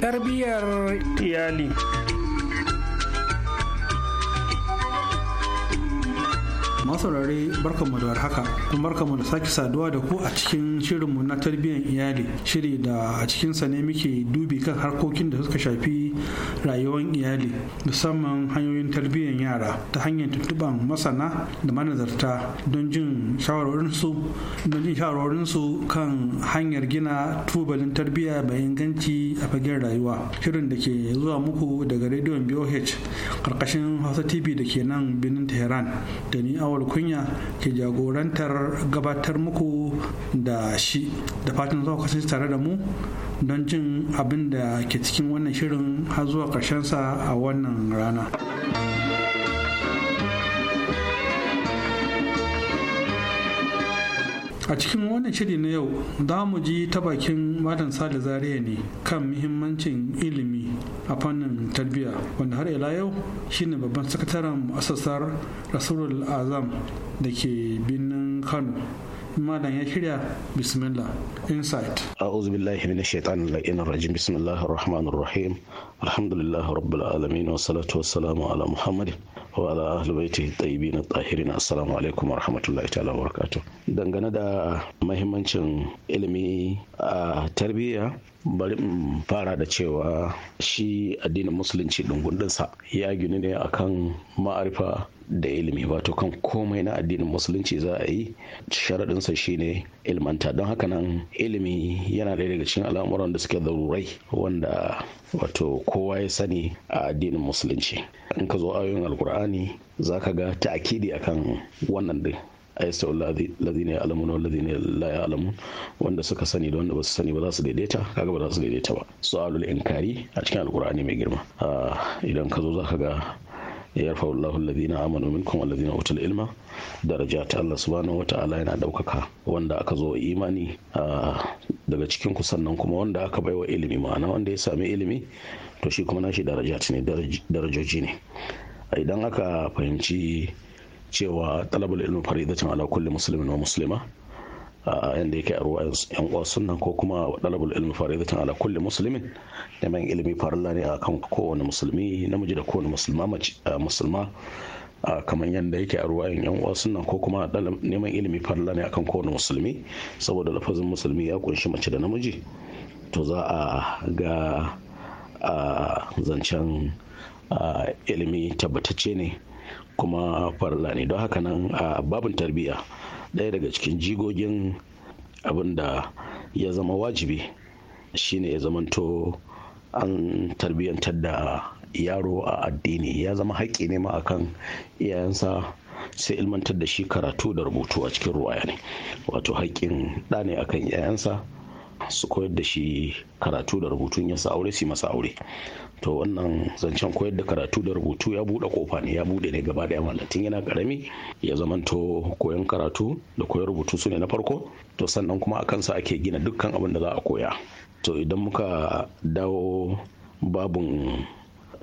tarbiyyar iyali masaurare barkanmu da warhaka kuma barkanmu da sake saduwa da ku a cikin shirinmu na tarbiyyar iyali shiri da a cikinsa ne muke dubi kan harkokin da suka shafi rayuwar iyali musamman hanyoyin tarbiyyar yara ta hanyar tuntuban masana da manazarta don jin shawarorinsu kan hanyar gina tubalin tarbiyya mai inganci a fagen rayuwa shirin da ke zuwa muku daga rediyon boh karkashin hausa tv da ke nan birnin tehran da ni awal kunya ke jagorantar gabatar muku da shi da fatan zuwa kasance tare da mu don jin abin da ke cikin wannan shirin har zuwa ƙarshensa a wannan rana. a cikin wannan shiri na yau za mu ji ta bakin madan sada zaria ne kan muhimmancin ilimi a fannin tarbiyya wanda har ila yau shine babban sakataren asasar rasulul azam da ke birnin kano malam ya shirya bismillah insight a'udhu billahi minash shaitanir la'inir rajim bismillahir rahmanir rahim alhamdulillahi rabbil alamin wa salatu wassalamu ala muhammad wa ala ahli baitihi tayyibin tahirin assalamu alaikum wa rahmatullahi ta'ala wa barakatuh dangane da mahimmancin ilimi a tarbiyya bari in fara da cewa shi addinin musulunci dungundinsa ya gini ne akan ma'arifa da ilimi wato kan komai na addinin musulunci za a yi sharaɗinsa shine ilmanta don haka nan ilimi yana ɗaya daga cikin al'amuran da suke zarurai wanda wato kowa ya sani a addinin musulunci in ka zo ayoyin alkur'ani za ka ga ta'akidi akan wannan din ayyastawa ya alamun wa lazina ya alamun wanda suka sani da wanda ba su sani ba za su daidaita kaga ba za su daidaita ba alul inkari a cikin alkur'ani mai girma ah, idan ka zo ka ga yarfa Allahu na amanu minkum walladhina utul ilma darajat Allah subhanahu ta'ala yana daukaka wanda aka zo imani daga cikin ku sannan kuma wanda aka baiwa ilimi ma'ana wanda ya sami ilimi to shi kuma nashi darajat ne darajoji ne idan aka fahimci cewa talabul ilmi faridatun ala kulli muslimin wa muslima yadda yake a ruwa yan uwa nan ko kuma dalabul ilmi faridatan ala kulli muslimin neman ilimi farilla ne akan kowane musulmi namiji da kowane musulma musulma kamar yadda yake a ruwa yan uwa nan ko kuma neman ilimi farilla ne akan kowane musulmi saboda lafazin musulmi ya kunshi mace da namiji to za a ga a zancen ilimi tabbatacce ne kuma farilla ne don haka nan babin tarbiyya ɗaya daga cikin jigogin abin da ya zama wajibi shine ya zamanto an tarbiyyantar da yaro a addini ya zama haƙƙi ne ma akan iyayensa sai ilmantar da shi karatu da rubutu a cikin ruwaya ne wato haƙƙin ɗa ne akan iyayensa su koyar da shi karatu da rubutun sa aure su masa aure to wannan zancen koyar da karatu da rubutu ya buɗe kofa ne ya buɗe ne gaba daya tun yana karami ya zamanto koyon karatu da koyar rubutu su ne na farko to sannan kuma a kansa ake gina dukkan abin da za a koya to idan muka dawo babun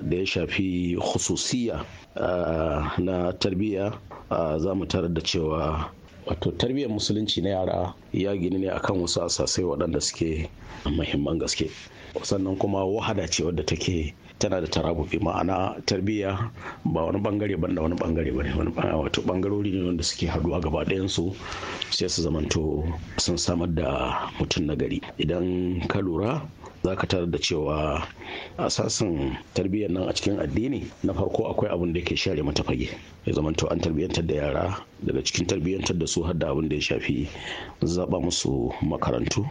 da ya shafi hususiya ah, na tarbiyya ah, za mu tarar da cewa wato tarbiyyar musulunci na yara ya gini ne akan wasu asasai waɗanda suke muhimman gaske sannan kuma wahada ce wadda take tana da tarabufi ma'ana tarbiyya ba wani bangare ban da wani bangare ba ne Wani wato bangarori ne wanda suke haduwa gaba ɗayansu sai su zamanto sun samar da mutum na gari idan ka lura za ka tarar da cewa asasin tarbiyyar nan a cikin addini na farko akwai abin da ke share mata fage ya zamanto an tarbiyyantar da yara daga cikin tarbiyyantar da su har da abin da ya shafi zaba musu makarantu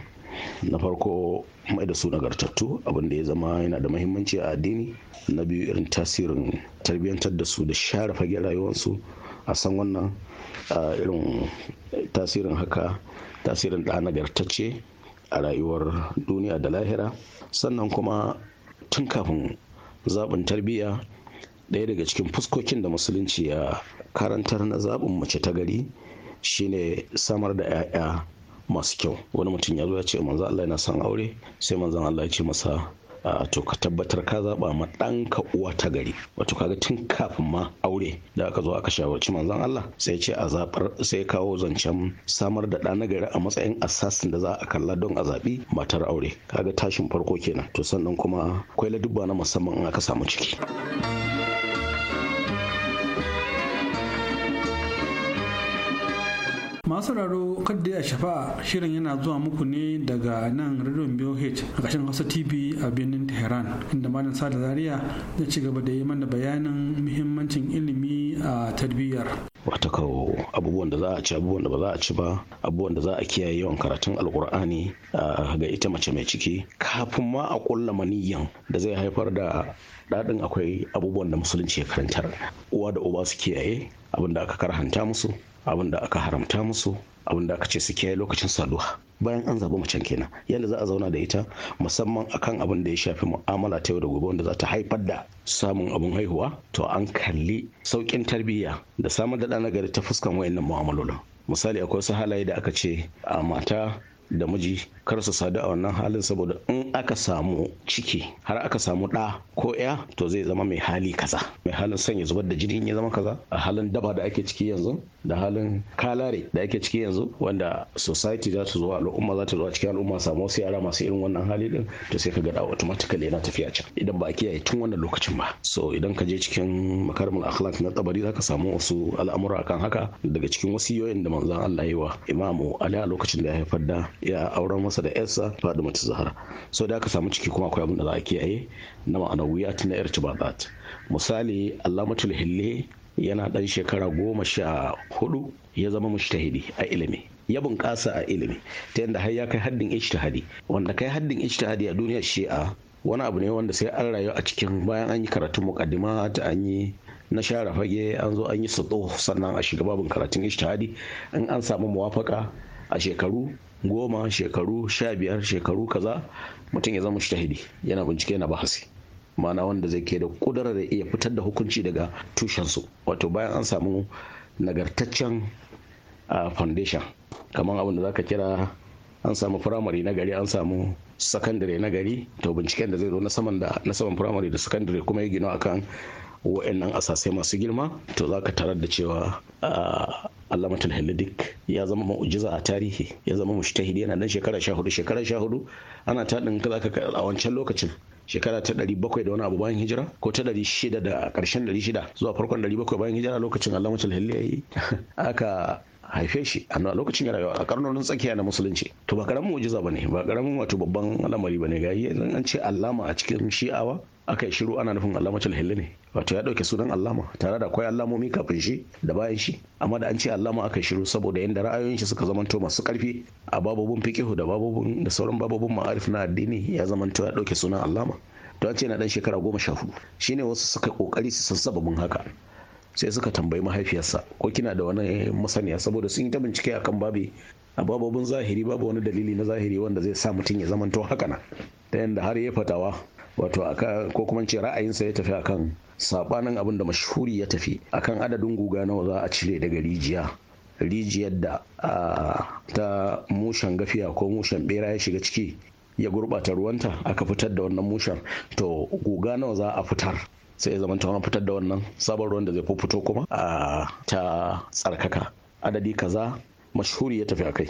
na farko mai da su nagartattu abinda ya zama yana da mahimmanci a addini na biyu irin tasirin tarbiyyantar da su da share fage rayuwarsu a san wannan irin tasirin haka tasirin da nagartacce a rayuwar duniya da lahira sannan kuma tun kafin zaɓin tarbiyya ɗaya daga cikin fuskokin da musulunci ya karantar na zaɓin mace ta gari shine samar da 'ya'ya masu kyau wani mutum ya zo ya ce manzo Allah yana son aure sai manzon Allah ya ce masa to ka tabbatar ka zaba ma ɗanka uwa ta gari wato kaga tun kafin ma aure da aka zo aka shawarci manzon Allah sai ce a zabar sai kawo zancen samar da ɗa nagari a matsayin assassin da za a kalla don a zaɓi matar aure kaga tashin farko kenan to sannan kuma akwai ladubba na musamman in aka samu ciki. masu raro kadda a shafa shirin yana zuwa muku ne daga nan radion boh a kashin hausa tv a birnin tehran inda malam sada zaria ya ci gaba da yi mana bayanin muhimmancin ilimi a tarbiyyar wata kawo abubuwan da za a ci abubuwan da ba za a ci ba abubuwan da za a kiyaye yawan karatun alkur'ani ga ita mace mai ciki kafin ma a kulla maniyyan da zai haifar da daɗin akwai abubuwan da musulunci ya karantar uwa da uba su kiyaye abin da aka karhanta musu abin da aka haramta musu abin da aka ce su kiyaye lokacin saduwa bayan an zaɓi macen kenan yadda za a zauna da ita musamman akan abin da ya shafi mu'amala ta yau da gobe wanda za ta haifar da samun abin haihuwa to an kalli sauƙin tarbiyya da samar da ɗa nagari ta fuskan wayannan mu'amalolin misali akwai wasu halaye da aka ce a mata da miji kar su sadu a wannan halin saboda in aka samu ciki har aka samu ɗa ko ya to zai zama mai hali kaza mai halin sanya zubar da jini ya zama kaza a halin daba da ake ciki yanzu da halin kalare da ake ciki yanzu wanda society za ta zo al'umma za ta zo a cikin al'umma samu wasu yara masu irin wannan hali din to sai ka ga automatically yana tafiya can idan ba a kiyaye tun wannan lokacin ba so idan ka je cikin makarimul akhlaq na tsabari za ka samu wasu al'amura akan haka daga cikin wasiyoyin da manzon Allah ya wa imamu ali a lokacin da ya haifar da ya auren masa da yarsa da ta zahara so da aka samu ciki kuma akwai abin da za a kiyaye na ma'anawiyat na ta misali Allamatul Hille yana dan shekara goma sha hudu ya zama mushtahidi a ilimi ya bunƙasa a ilimi ta yadda har ya kai haddin ijtihadi wanda kai haddin ijtihadi a duniyar shi'a wani abu ne wanda sai an rayu a cikin bayan an yi karatun mukaddima ta an yi na share fage an zo an yi sato sannan a shiga babin karatun ijtihadi in an samu muwafaka a shekaru goma shekaru sha biyar shekaru kaza mutum ya zama shahidi yana bincike na bahasi mana wanda zai ke da kudura da iya fitar da hukunci daga tushensu wato bayan an samu nagartaccen foundation kamar abin da za ka kira an samu firamare na gari an samu sakandare na gari to binciken da zai zo na saman firamare da sakandare kuma ya gino akan wa'annan asasai masu girma to za ka tarar da cewa Allah alamatul halidik ya zama mu'jiza a tarihi ya zama mushtahidi yana dan shekara sha hudu shekara sha hudu ana taɗin ka zaka a wancan lokacin shekara ta ɗari bakwai da wani abu bayan hijira ko ta ɗari shida da ƙarshen ɗari shida zuwa farkon ɗari bakwai bayan hijira lokacin Allah ya yi aka haife shi a lokacin rayuwa a karnonin tsakiya na musulunci to ba karamin mu'jiza bane ba karamin wato babban al'amari bane ga yi an ce alama a cikin shi'awa aka yi shiru ana nufin alamacin hilli ne wato ya dauke sunan alama. tare da akwai alamomi kafin shi da bayan shi amma da an ce alama aka yi shiru saboda yadda ra'ayoyin shi suka zamanto masu karfi a babobin fiƙihu da babobin da sauran babobin ma'arif na addini ya zamanto ya dauke sunan alama. to an ce na dan shekara goma sha hudu shine wasu suka kokari su san sababin haka sai suka tambayi mahaifiyarsa ko kina da wani masaniya saboda sun yi ta bincike akan babi a babobin zahiri babu wani dalili na zahiri wanda zai sa mutum ya zamanto haka na ta yadda har ya fatawa wato ko kuma ce ra'ayinsa ya tafi akan sabanin abin da mashuri ya tafi akan adadin guga nawa za a cire daga rijiya rijiyar da ta mushen gafiya ko mushen bera ya shiga ciki ya gurbata ruwanta aka fitar da wannan mushen to guga nawa za a fitar sai ya zamanta wani fitar da wannan sabon ruwan da zai fito kuma a ta tsarkaka adadi kaza mashuri ya tafi akai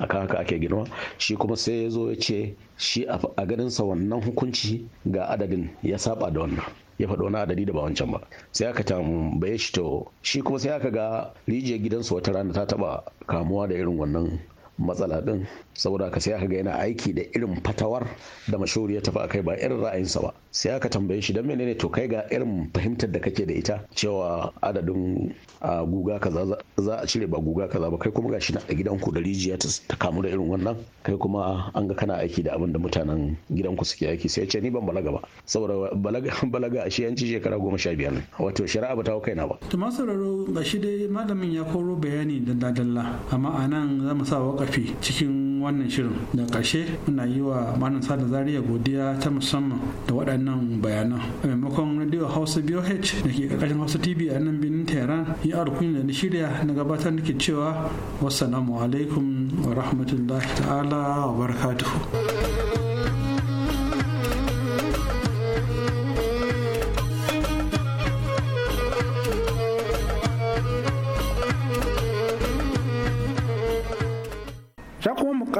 akan haka ake girma shi kuma sai ya zo ya ce shi a ganinsa wannan hukunci ga adadin ya saba da wannan ya faɗo wani adadi da ba wancan ba sai aka tambaye shi to shi kuma sai aka ga rijiyar gidansu wata rana ta taɓa kamuwa da irin wannan matsala ɗin saboda ka sai aka ga yana aiki da irin fatawar da mashuri ya tafi akai ba irin ra'ayinsa ba sai aka tambaye shi don menene to kai ga irin fahimtar da kake da ita cewa adadin guga kaza za a cire ba guga kaza ba kai kuma shi na a ku da rijiya ta kamu da irin wannan kai kuma an ga kana aiki da abin da mutanen gidan ku suke aiki sai ce ni ban balaga ba saboda balaga a shi yanci shekara goma sha biyar ne wato shari'a ba ta hau kaina ba. to masu sauraro gashi dai malamin ya koro bayani da dalla amma anan nan za mu sa wakafi cikin wannan shirin da ƙarshe muna yi wa malam sada Zariya godiya ta musamman da waɗannan bayanan a maimakon radio hausa boh da ke ƙarƙashin hausa tv a nan birnin tehran yi arkunin da na shirya na gabatar da ke cewa wassalamu alaikum wa rahmatullahi ta'ala wa barakatuhu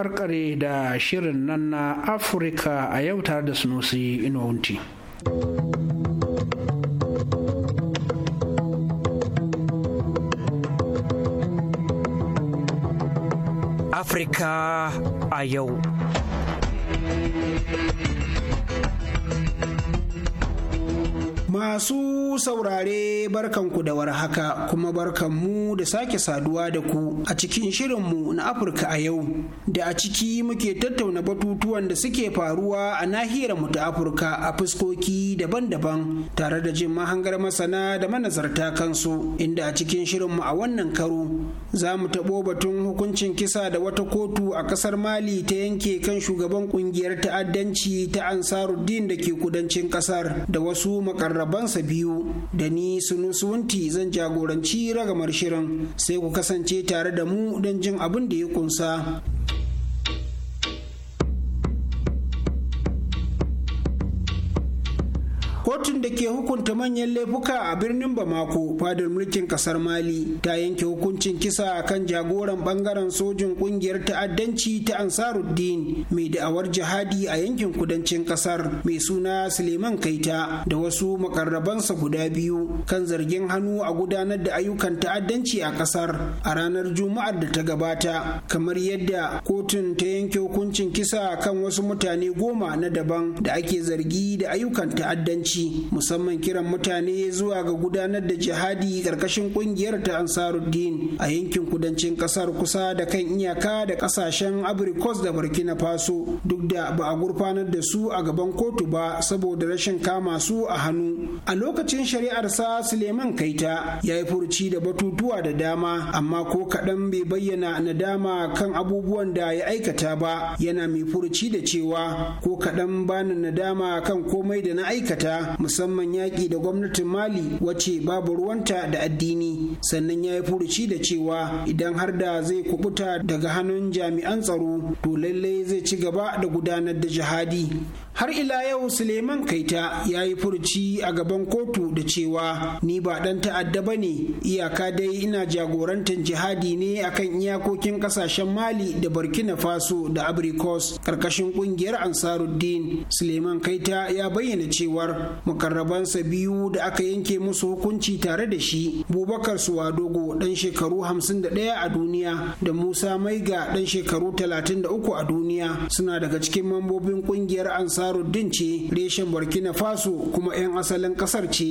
karkare da shirin nan na afirka a yau tare da sunusi inuwunti afirka a yau Masu saurare barkan ku da warhaka kuma barkanmu da sake saduwa da ku a cikin shirinmu na Afirka a yau da a ciki muke tattauna batutuwan da suke faruwa a nahiyar mu ta Afirka a fuskoki daban-daban tare da jin mahangar masana da manazarta kansu inda a cikin shirinmu a wannan karo za mu taɓo batun hukuncin kisa da wata kotu a ƙasar mali ta yanke kan shugaban ƙungiyar ta'addanci ta ansaruddin da ke kudancin ƙasar da wasu makarrabansa biyu da ni sunusunti zan jagoranci ragamar shirin sai ku kasance tare da mu don jin abin da ya kunsa kotun da ke hukunta manyan laifuka a birnin bamako fadar mulkin kasar mali ta yanke hukuncin kisa kan jagoran bangaren sojin kungiyar ta'addanci ta ansaruddin mai da'awar jihadi a yankin kudancin kasar mai suna suleiman kaita da wasu makarrabansa guda biyu kan zargin hannu a gudanar da ayyukan ta'addanci a kasar a ranar juma'ar da ta gabata kamar yadda kotun ta yanke hukuncin kisa kan wasu mutane goma na daban da ake zargi da ayyukan ta'addanci musulunci musamman kiran mutane zuwa ga gudanar da jihadi ƙarƙashin ƙungiyar ta ansaruddin a yankin kudancin ƙasar kusa da kan iyaka da ƙasashen abrikos da burkina faso duk da ba a gurfanar da su a gaban kotu ba saboda rashin kama su a hannu a lokacin shari'ar sa suleiman kaita ya yi furci da batutuwa da dama amma ko kaɗan bai bayyana nadama kan abubuwan da ya aikata ba yana mai furci da cewa ko kaɗan bani nadama kan komai da na aikata musamman yaƙi da gwamnatin mali wace babu ruwanta da addini sannan ya yi furuci da cewa idan har da zai kubuta daga hannun jami'an tsaro to lallai zai ci gaba da gudanar da jihadi har ila yau suleiman kaita ya yi furuci a gaban kotu da cewa ni ba ɗan ta'adda ba ne iyaka dai ina jagorantar jihadi ne akan iyakokin ƙasashen mali da burkina faso da abrikos ƙarƙashin ƙungiyar ansaruddin suleiman kaita ya bayyana cewar Makarrabansa biyu da aka yanke musu hukunci tare da shi bubakar suwadogo dan shekaru 51 a duniya da musa maiga dan shekaru 33 a duniya suna daga cikin mambobin kungiyar ansaruddin ce reshen burkina faso kuma 'yan asalin kasar ce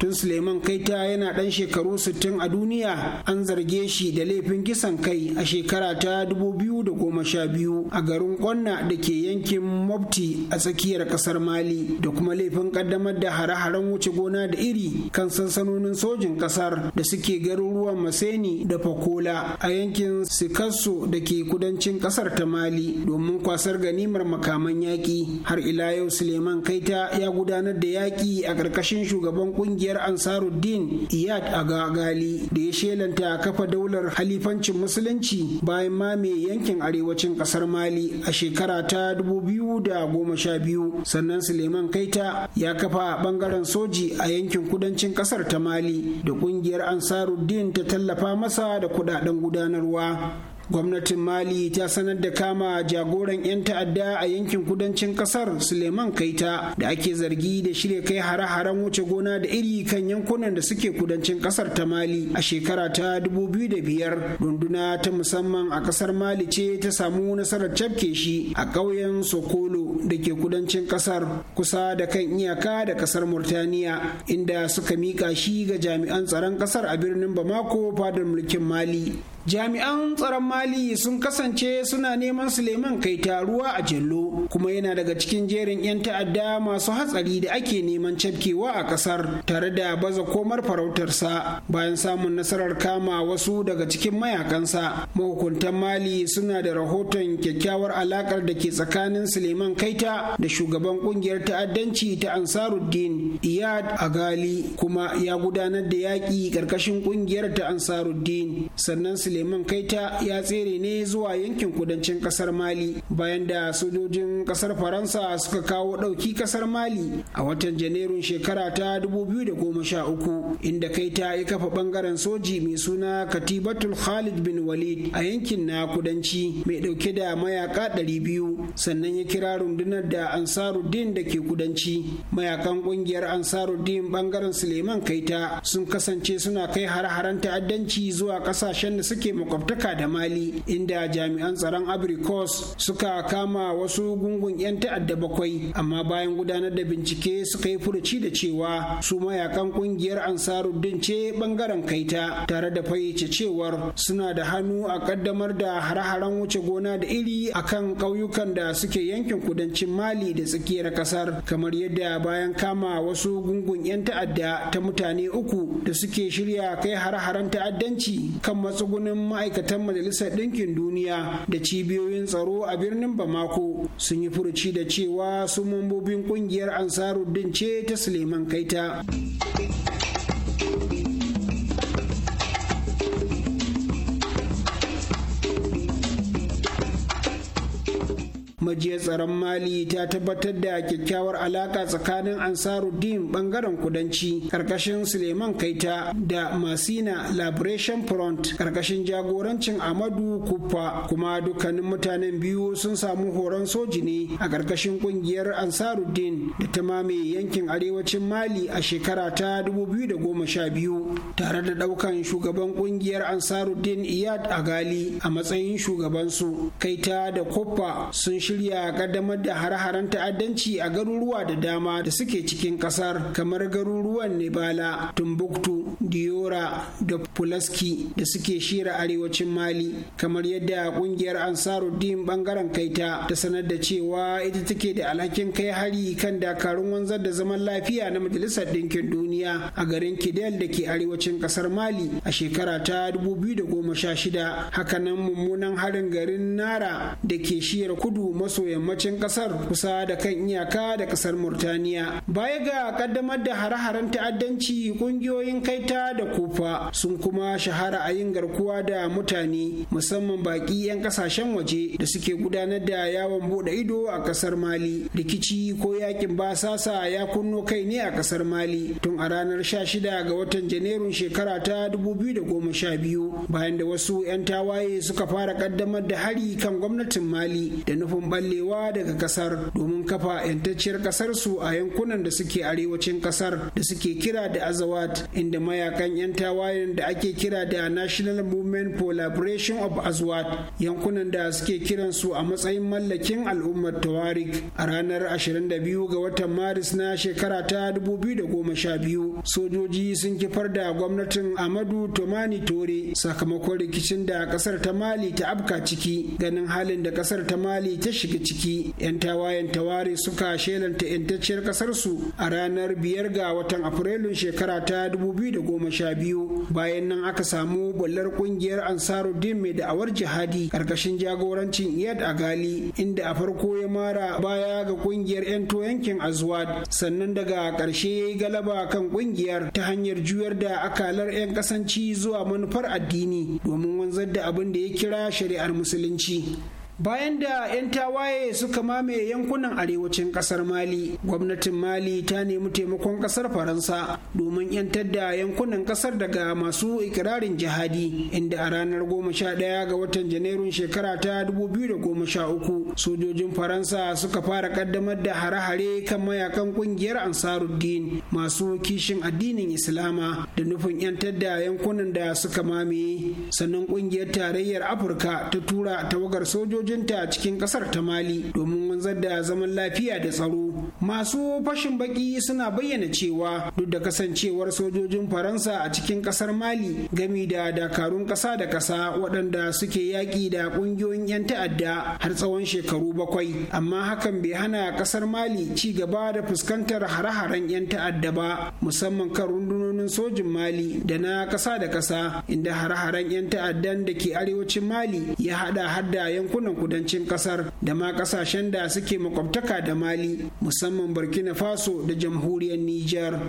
tun suleiman kaita yana dan shekaru 60 a duniya an zarge shi da laifin kisan kai a shekara ta 2012 a garin kwanna da ke yankin mobti a tsakiyar kasar mali da kuma laifin kaddamar kaddamar da hare-haren wuce gona da iri kan sansanonin sojin kasar da suke garuruwan maseni da fakola a yankin sikasso da ke kudancin kasar ta mali domin kwasar ganimar makaman yaƙi har ila yau suleiman kaita ya gudanar da yaƙi a ƙarƙashin shugaban ƙungiyar ansaruddin iyad agagali da ya shelanta kafa daular halifancin musulunci bayan mame yankin arewacin ƙasar mali a shekara ta 2012 sannan suleiman kaita ya kafa tallafa bangaren soji a yankin kudancin kasar ta mali da kungiyar ansaruddin ta tallafa masa da kudaden gudanarwa gwamnatin mali ta sanar da kama jagoran 'yan ta'adda a yankin kudancin kasar suleiman kaita da ake zargi da shirya kai hare-haren wuce gona da iri kan yankunan da suke kudancin kasar ta mali a shekara ta 2005 runduna ta musamman a kasar mali ce ta samu nasarar cafke shi a ƙauyen sokolo da ke kudancin kasar kusa da kan iyaka da kasar murtaniya inda suka miƙa shi ga jami'an tsaron kasar a birnin bamako fadar mulkin mali jami'an tsaron mali sun kasance suna neman suleiman kai taruwa a jello kuma yana daga cikin jerin 'yan ta'adda masu hatsari da ake neman cafkewa a kasar tare da baza komar farautarsa bayan samun nasarar kama wasu daga cikin mayakansa mahukuntan mali suna da rahoton kyakkyawar alakar da ke tsakanin suleiman kaita da shugaban kungiyar ta'addanci ta ansaruddin iyad agali kuma ya gudanar da yaƙi ƙarƙashin kungiyar ta ansaruddin sannan suleiman kaita ya tsere ne zuwa yankin kudancin kasar mali bayan da sojojin kasar faransa suka kawo ɗauki kasar mali a watan janairun shekara ta 2013 inda kaita ya kafa bangaren soji mai suna katibatul khalid bin walid a yankin na kudanci mai ɗauke da mayaka 200 sannan ya kira rundunar da ansaruddin da ke kudanci mayakan kungiyar ansaruddin bangaren suleiman kaita sun kasance suna kai har haren ta'addanci zuwa kasashen da suke suke makwabtaka da mali inda jami'an tsaron abricos suka kama wasu gungun 'yan ta'adda bakwai amma bayan gudanar da bincike suka yi furuci da cewa su mayakan kungiyar ansaruddin ce bangaren kaita tare da fayyace cewar suna da hannu a kaddamar da hare-haren wuce gona da iri akan ƙauyukan da suke yankin kudancin mali da tsakiyar kasar kamar yadda bayan kama wasu gungun 'yan ta'adda ta mutane uku da suke shirya kai hare-haren ta'addanci kan matsugunin rundunonin ma'aikatan majalisar ɗinkin duniya da cibiyoyin tsaro a birnin bamako sun yi furuci da cewa su mambobin ƙungiyar ansaruddin ce ta suleiman kaita. majiyar tsaron mali ta tabbatar da kyakkyawar alaka tsakanin ansaruddin bangaren kudanci karkashin suleiman kaita da masina liberation front karkashin jagorancin amadu kufa kuma dukkanin mutanen biyu sun samu horon soji ne a karkashin kungiyar ansaruddin da ta mame yankin arewacin mali a shekara ta 2012 tare da daukan shugaban kungiyar ansaruddin iyad agali a matsayin shugabansu kaita da kufa sun shirya kaddamar da hare-haren ta'addanci a garuruwa da dama da suke cikin kasar kamar garuruwan Nebala, Tumbuktu, Diora da Pulaski da suke shira arewacin Mali kamar yadda kungiyar Ansaruddin bangaren kaita ta sanar da cewa ita take da alhakin kai hari kan dakarun wanzar da zaman lafiya na Majalisar Dinkin Duniya a garin Kidal da ke arewacin kasar Mali a shekara ta da goma sha 2016 hakanan mummunan harin garin Nara da ke shiyar kudu maso yammacin kasar kusa da kan iyaka da kasar murtaniya baya ga kaddamar da hare-haren ta'addanci kungiyoyin kaita da kufa sun kuma shahara a yin garkuwa da mutane musamman baki 'yan kasashen waje da suke gudanar da yawon bude ido a kasar mali rikici ko yakin basasa ya kunno kai ne a kasar mali tun a ranar 16 ga watan janairun shekara ta 2012 bayan da wasu 'yan tawaye suka fara kaddamar da hari kan gwamnatin mali da nufin ballewa daga kasar domin kafa 'yantacciyar kasar su a yankunan da suke arewacin kasar da suke kira da azawat inda mayakan 'yan tawayen da ake kira da national movement for liberation of azawat yankunan da suke kiran su a matsayin mallakin al'ummar tawarik a ranar 22 ga watan maris na shekara ta 2012 sojoji sun kifar da gwamnatin amadu tomani tore sakamakon rikicin da kasar ta mali ta abka ciki ganin halin da kasar ta mali ta shiga ciki 'yan tawayen taware suka shelanta 'yantacciyar kasarsu a ranar biyar ga watan afrilun shekara ta 2012 bayan nan aka samu bullar kungiyar ansaruddin mai da'awar jihadi karkashin jagorancin iyad a gali inda a farko ya mara baya ga kungiyar 'yan yankin azwad sannan daga karshe ya yi galaba kan kungiyar ta hanyar juyar da akalar 'yan kasanci zuwa manufar addini domin wanzar da abin da ya kira shari'ar musulunci bayan da 'yan tawaye suka mamaye yankunan arewacin kasar mali gwamnatin mali ta nemi taimakon kasar faransa domin 'yantar da yankunan kasar daga masu ikirarin jihadi inda a ranar 11 ga watan janairun shekara ta 2013 sojojin faransa suka fara kaddamar da hare-hare kan mayakan kungiyar ansaruddin masu kishin addinin islama da nufin 'yantar da yankunan da suka mamaye sannan kungiyar tarayyar afirka ta tura tawagar sojoji sojojinta a cikin kasar ta mali domin wanzar da zaman lafiya da tsaro masu fashin baki suna bayyana cewa duk da kasancewar sojojin faransa a cikin kasar mali gami da dakarun kasa da kasa waɗanda suke yaƙi da ƙungiyoyin 'yan ta'adda har tsawon shekaru bakwai amma hakan bai hana kasar mali ci gaba da fuskantar hare-haren 'yan ta'adda ba musamman kan rundunonin sojin mali da na kasa da kasa inda hare-haren 'yan ta'addan da ke arewacin mali ya haɗa har da yankunan kudancin kasar da ma kasashen da suke makwabtaka da mali musamman burkina faso da jamhuriyar niger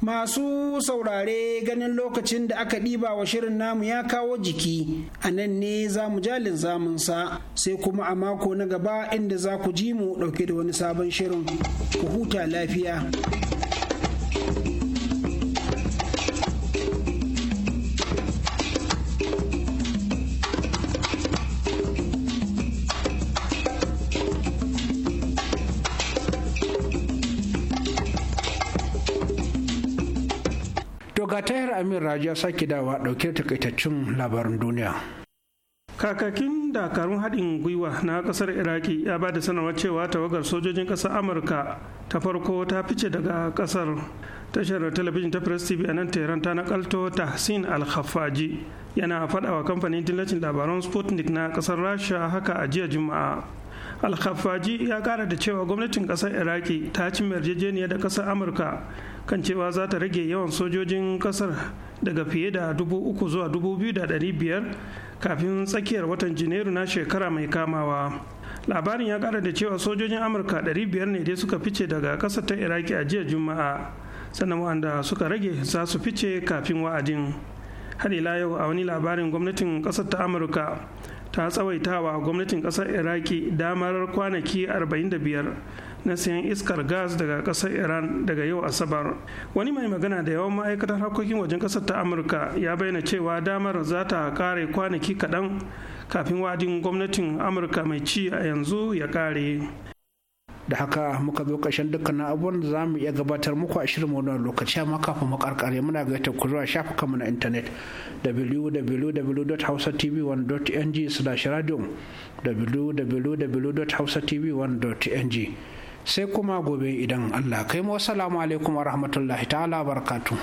Masu saurare ganin lokacin da aka ɗiba wa shirin namu ya kawo jiki, a nan ne za mu jalin zamunsa sai kuma a mako na gaba inda za ku ji mu ɗauke da wani sabon shirin. Ku huta lafiya. ga tahir amir raja sake dawa dauke takaitaccen labarin duniya kakakin dakarun haɗin gwiwa na ƙasar iraki ya ba da sanarwar cewa tawagar sojojin ƙasar amurka ta farko ta fice daga ƙasar tashar talabijin ta press tv a nan tehran ta nakalto tahsin al-khafaji yana faɗawa kamfanin dillacin labaran sputnik na ƙasar rasha haka a jiya juma'a alkhafaji ya kara da cewa gwamnatin kasar iraki ta ci yarjejeniya da kasar amurka kan cewa za ta rage yawan sojojin kasar daga fiye da dubu uku zuwa dubu biyu da dari biyar kafin tsakiyar watan janairu na shekara mai kamawa labarin ya kara da cewa sojojin amurka dari biyar ne dai suka fice daga kasar ta iraki a jiya juma'a sannan wanda suka rage za su fice kafin wa'adin har ila yau a wani labarin gwamnatin kasar ta amurka ta tsawaitawa gwamnatin ƙasar iraki damar kwanaki 45 na sayan iskar gas daga ƙasar iran daga yau asabar wani mai magana da yawan ma'aikatar harkokin wajen ƙasar ta amurka ya bayyana cewa damar za ta kare kwanaki kaɗan kafin wadin gwamnatin amurka mai ci a yanzu ya kare da haka muka zo ƙarshen dukkanin abubuwan da za mu iya gabatar muku a shirin wani lokaci amma kafin mu karkare muna ta ku zuwa shafukanmu na intanet www.hausatv1.ng slash radio www.hausatv1.ng sai kuma gobe idan allah kai mu wassalamu alaikum wa rahmatullahi ta'ala barakatu.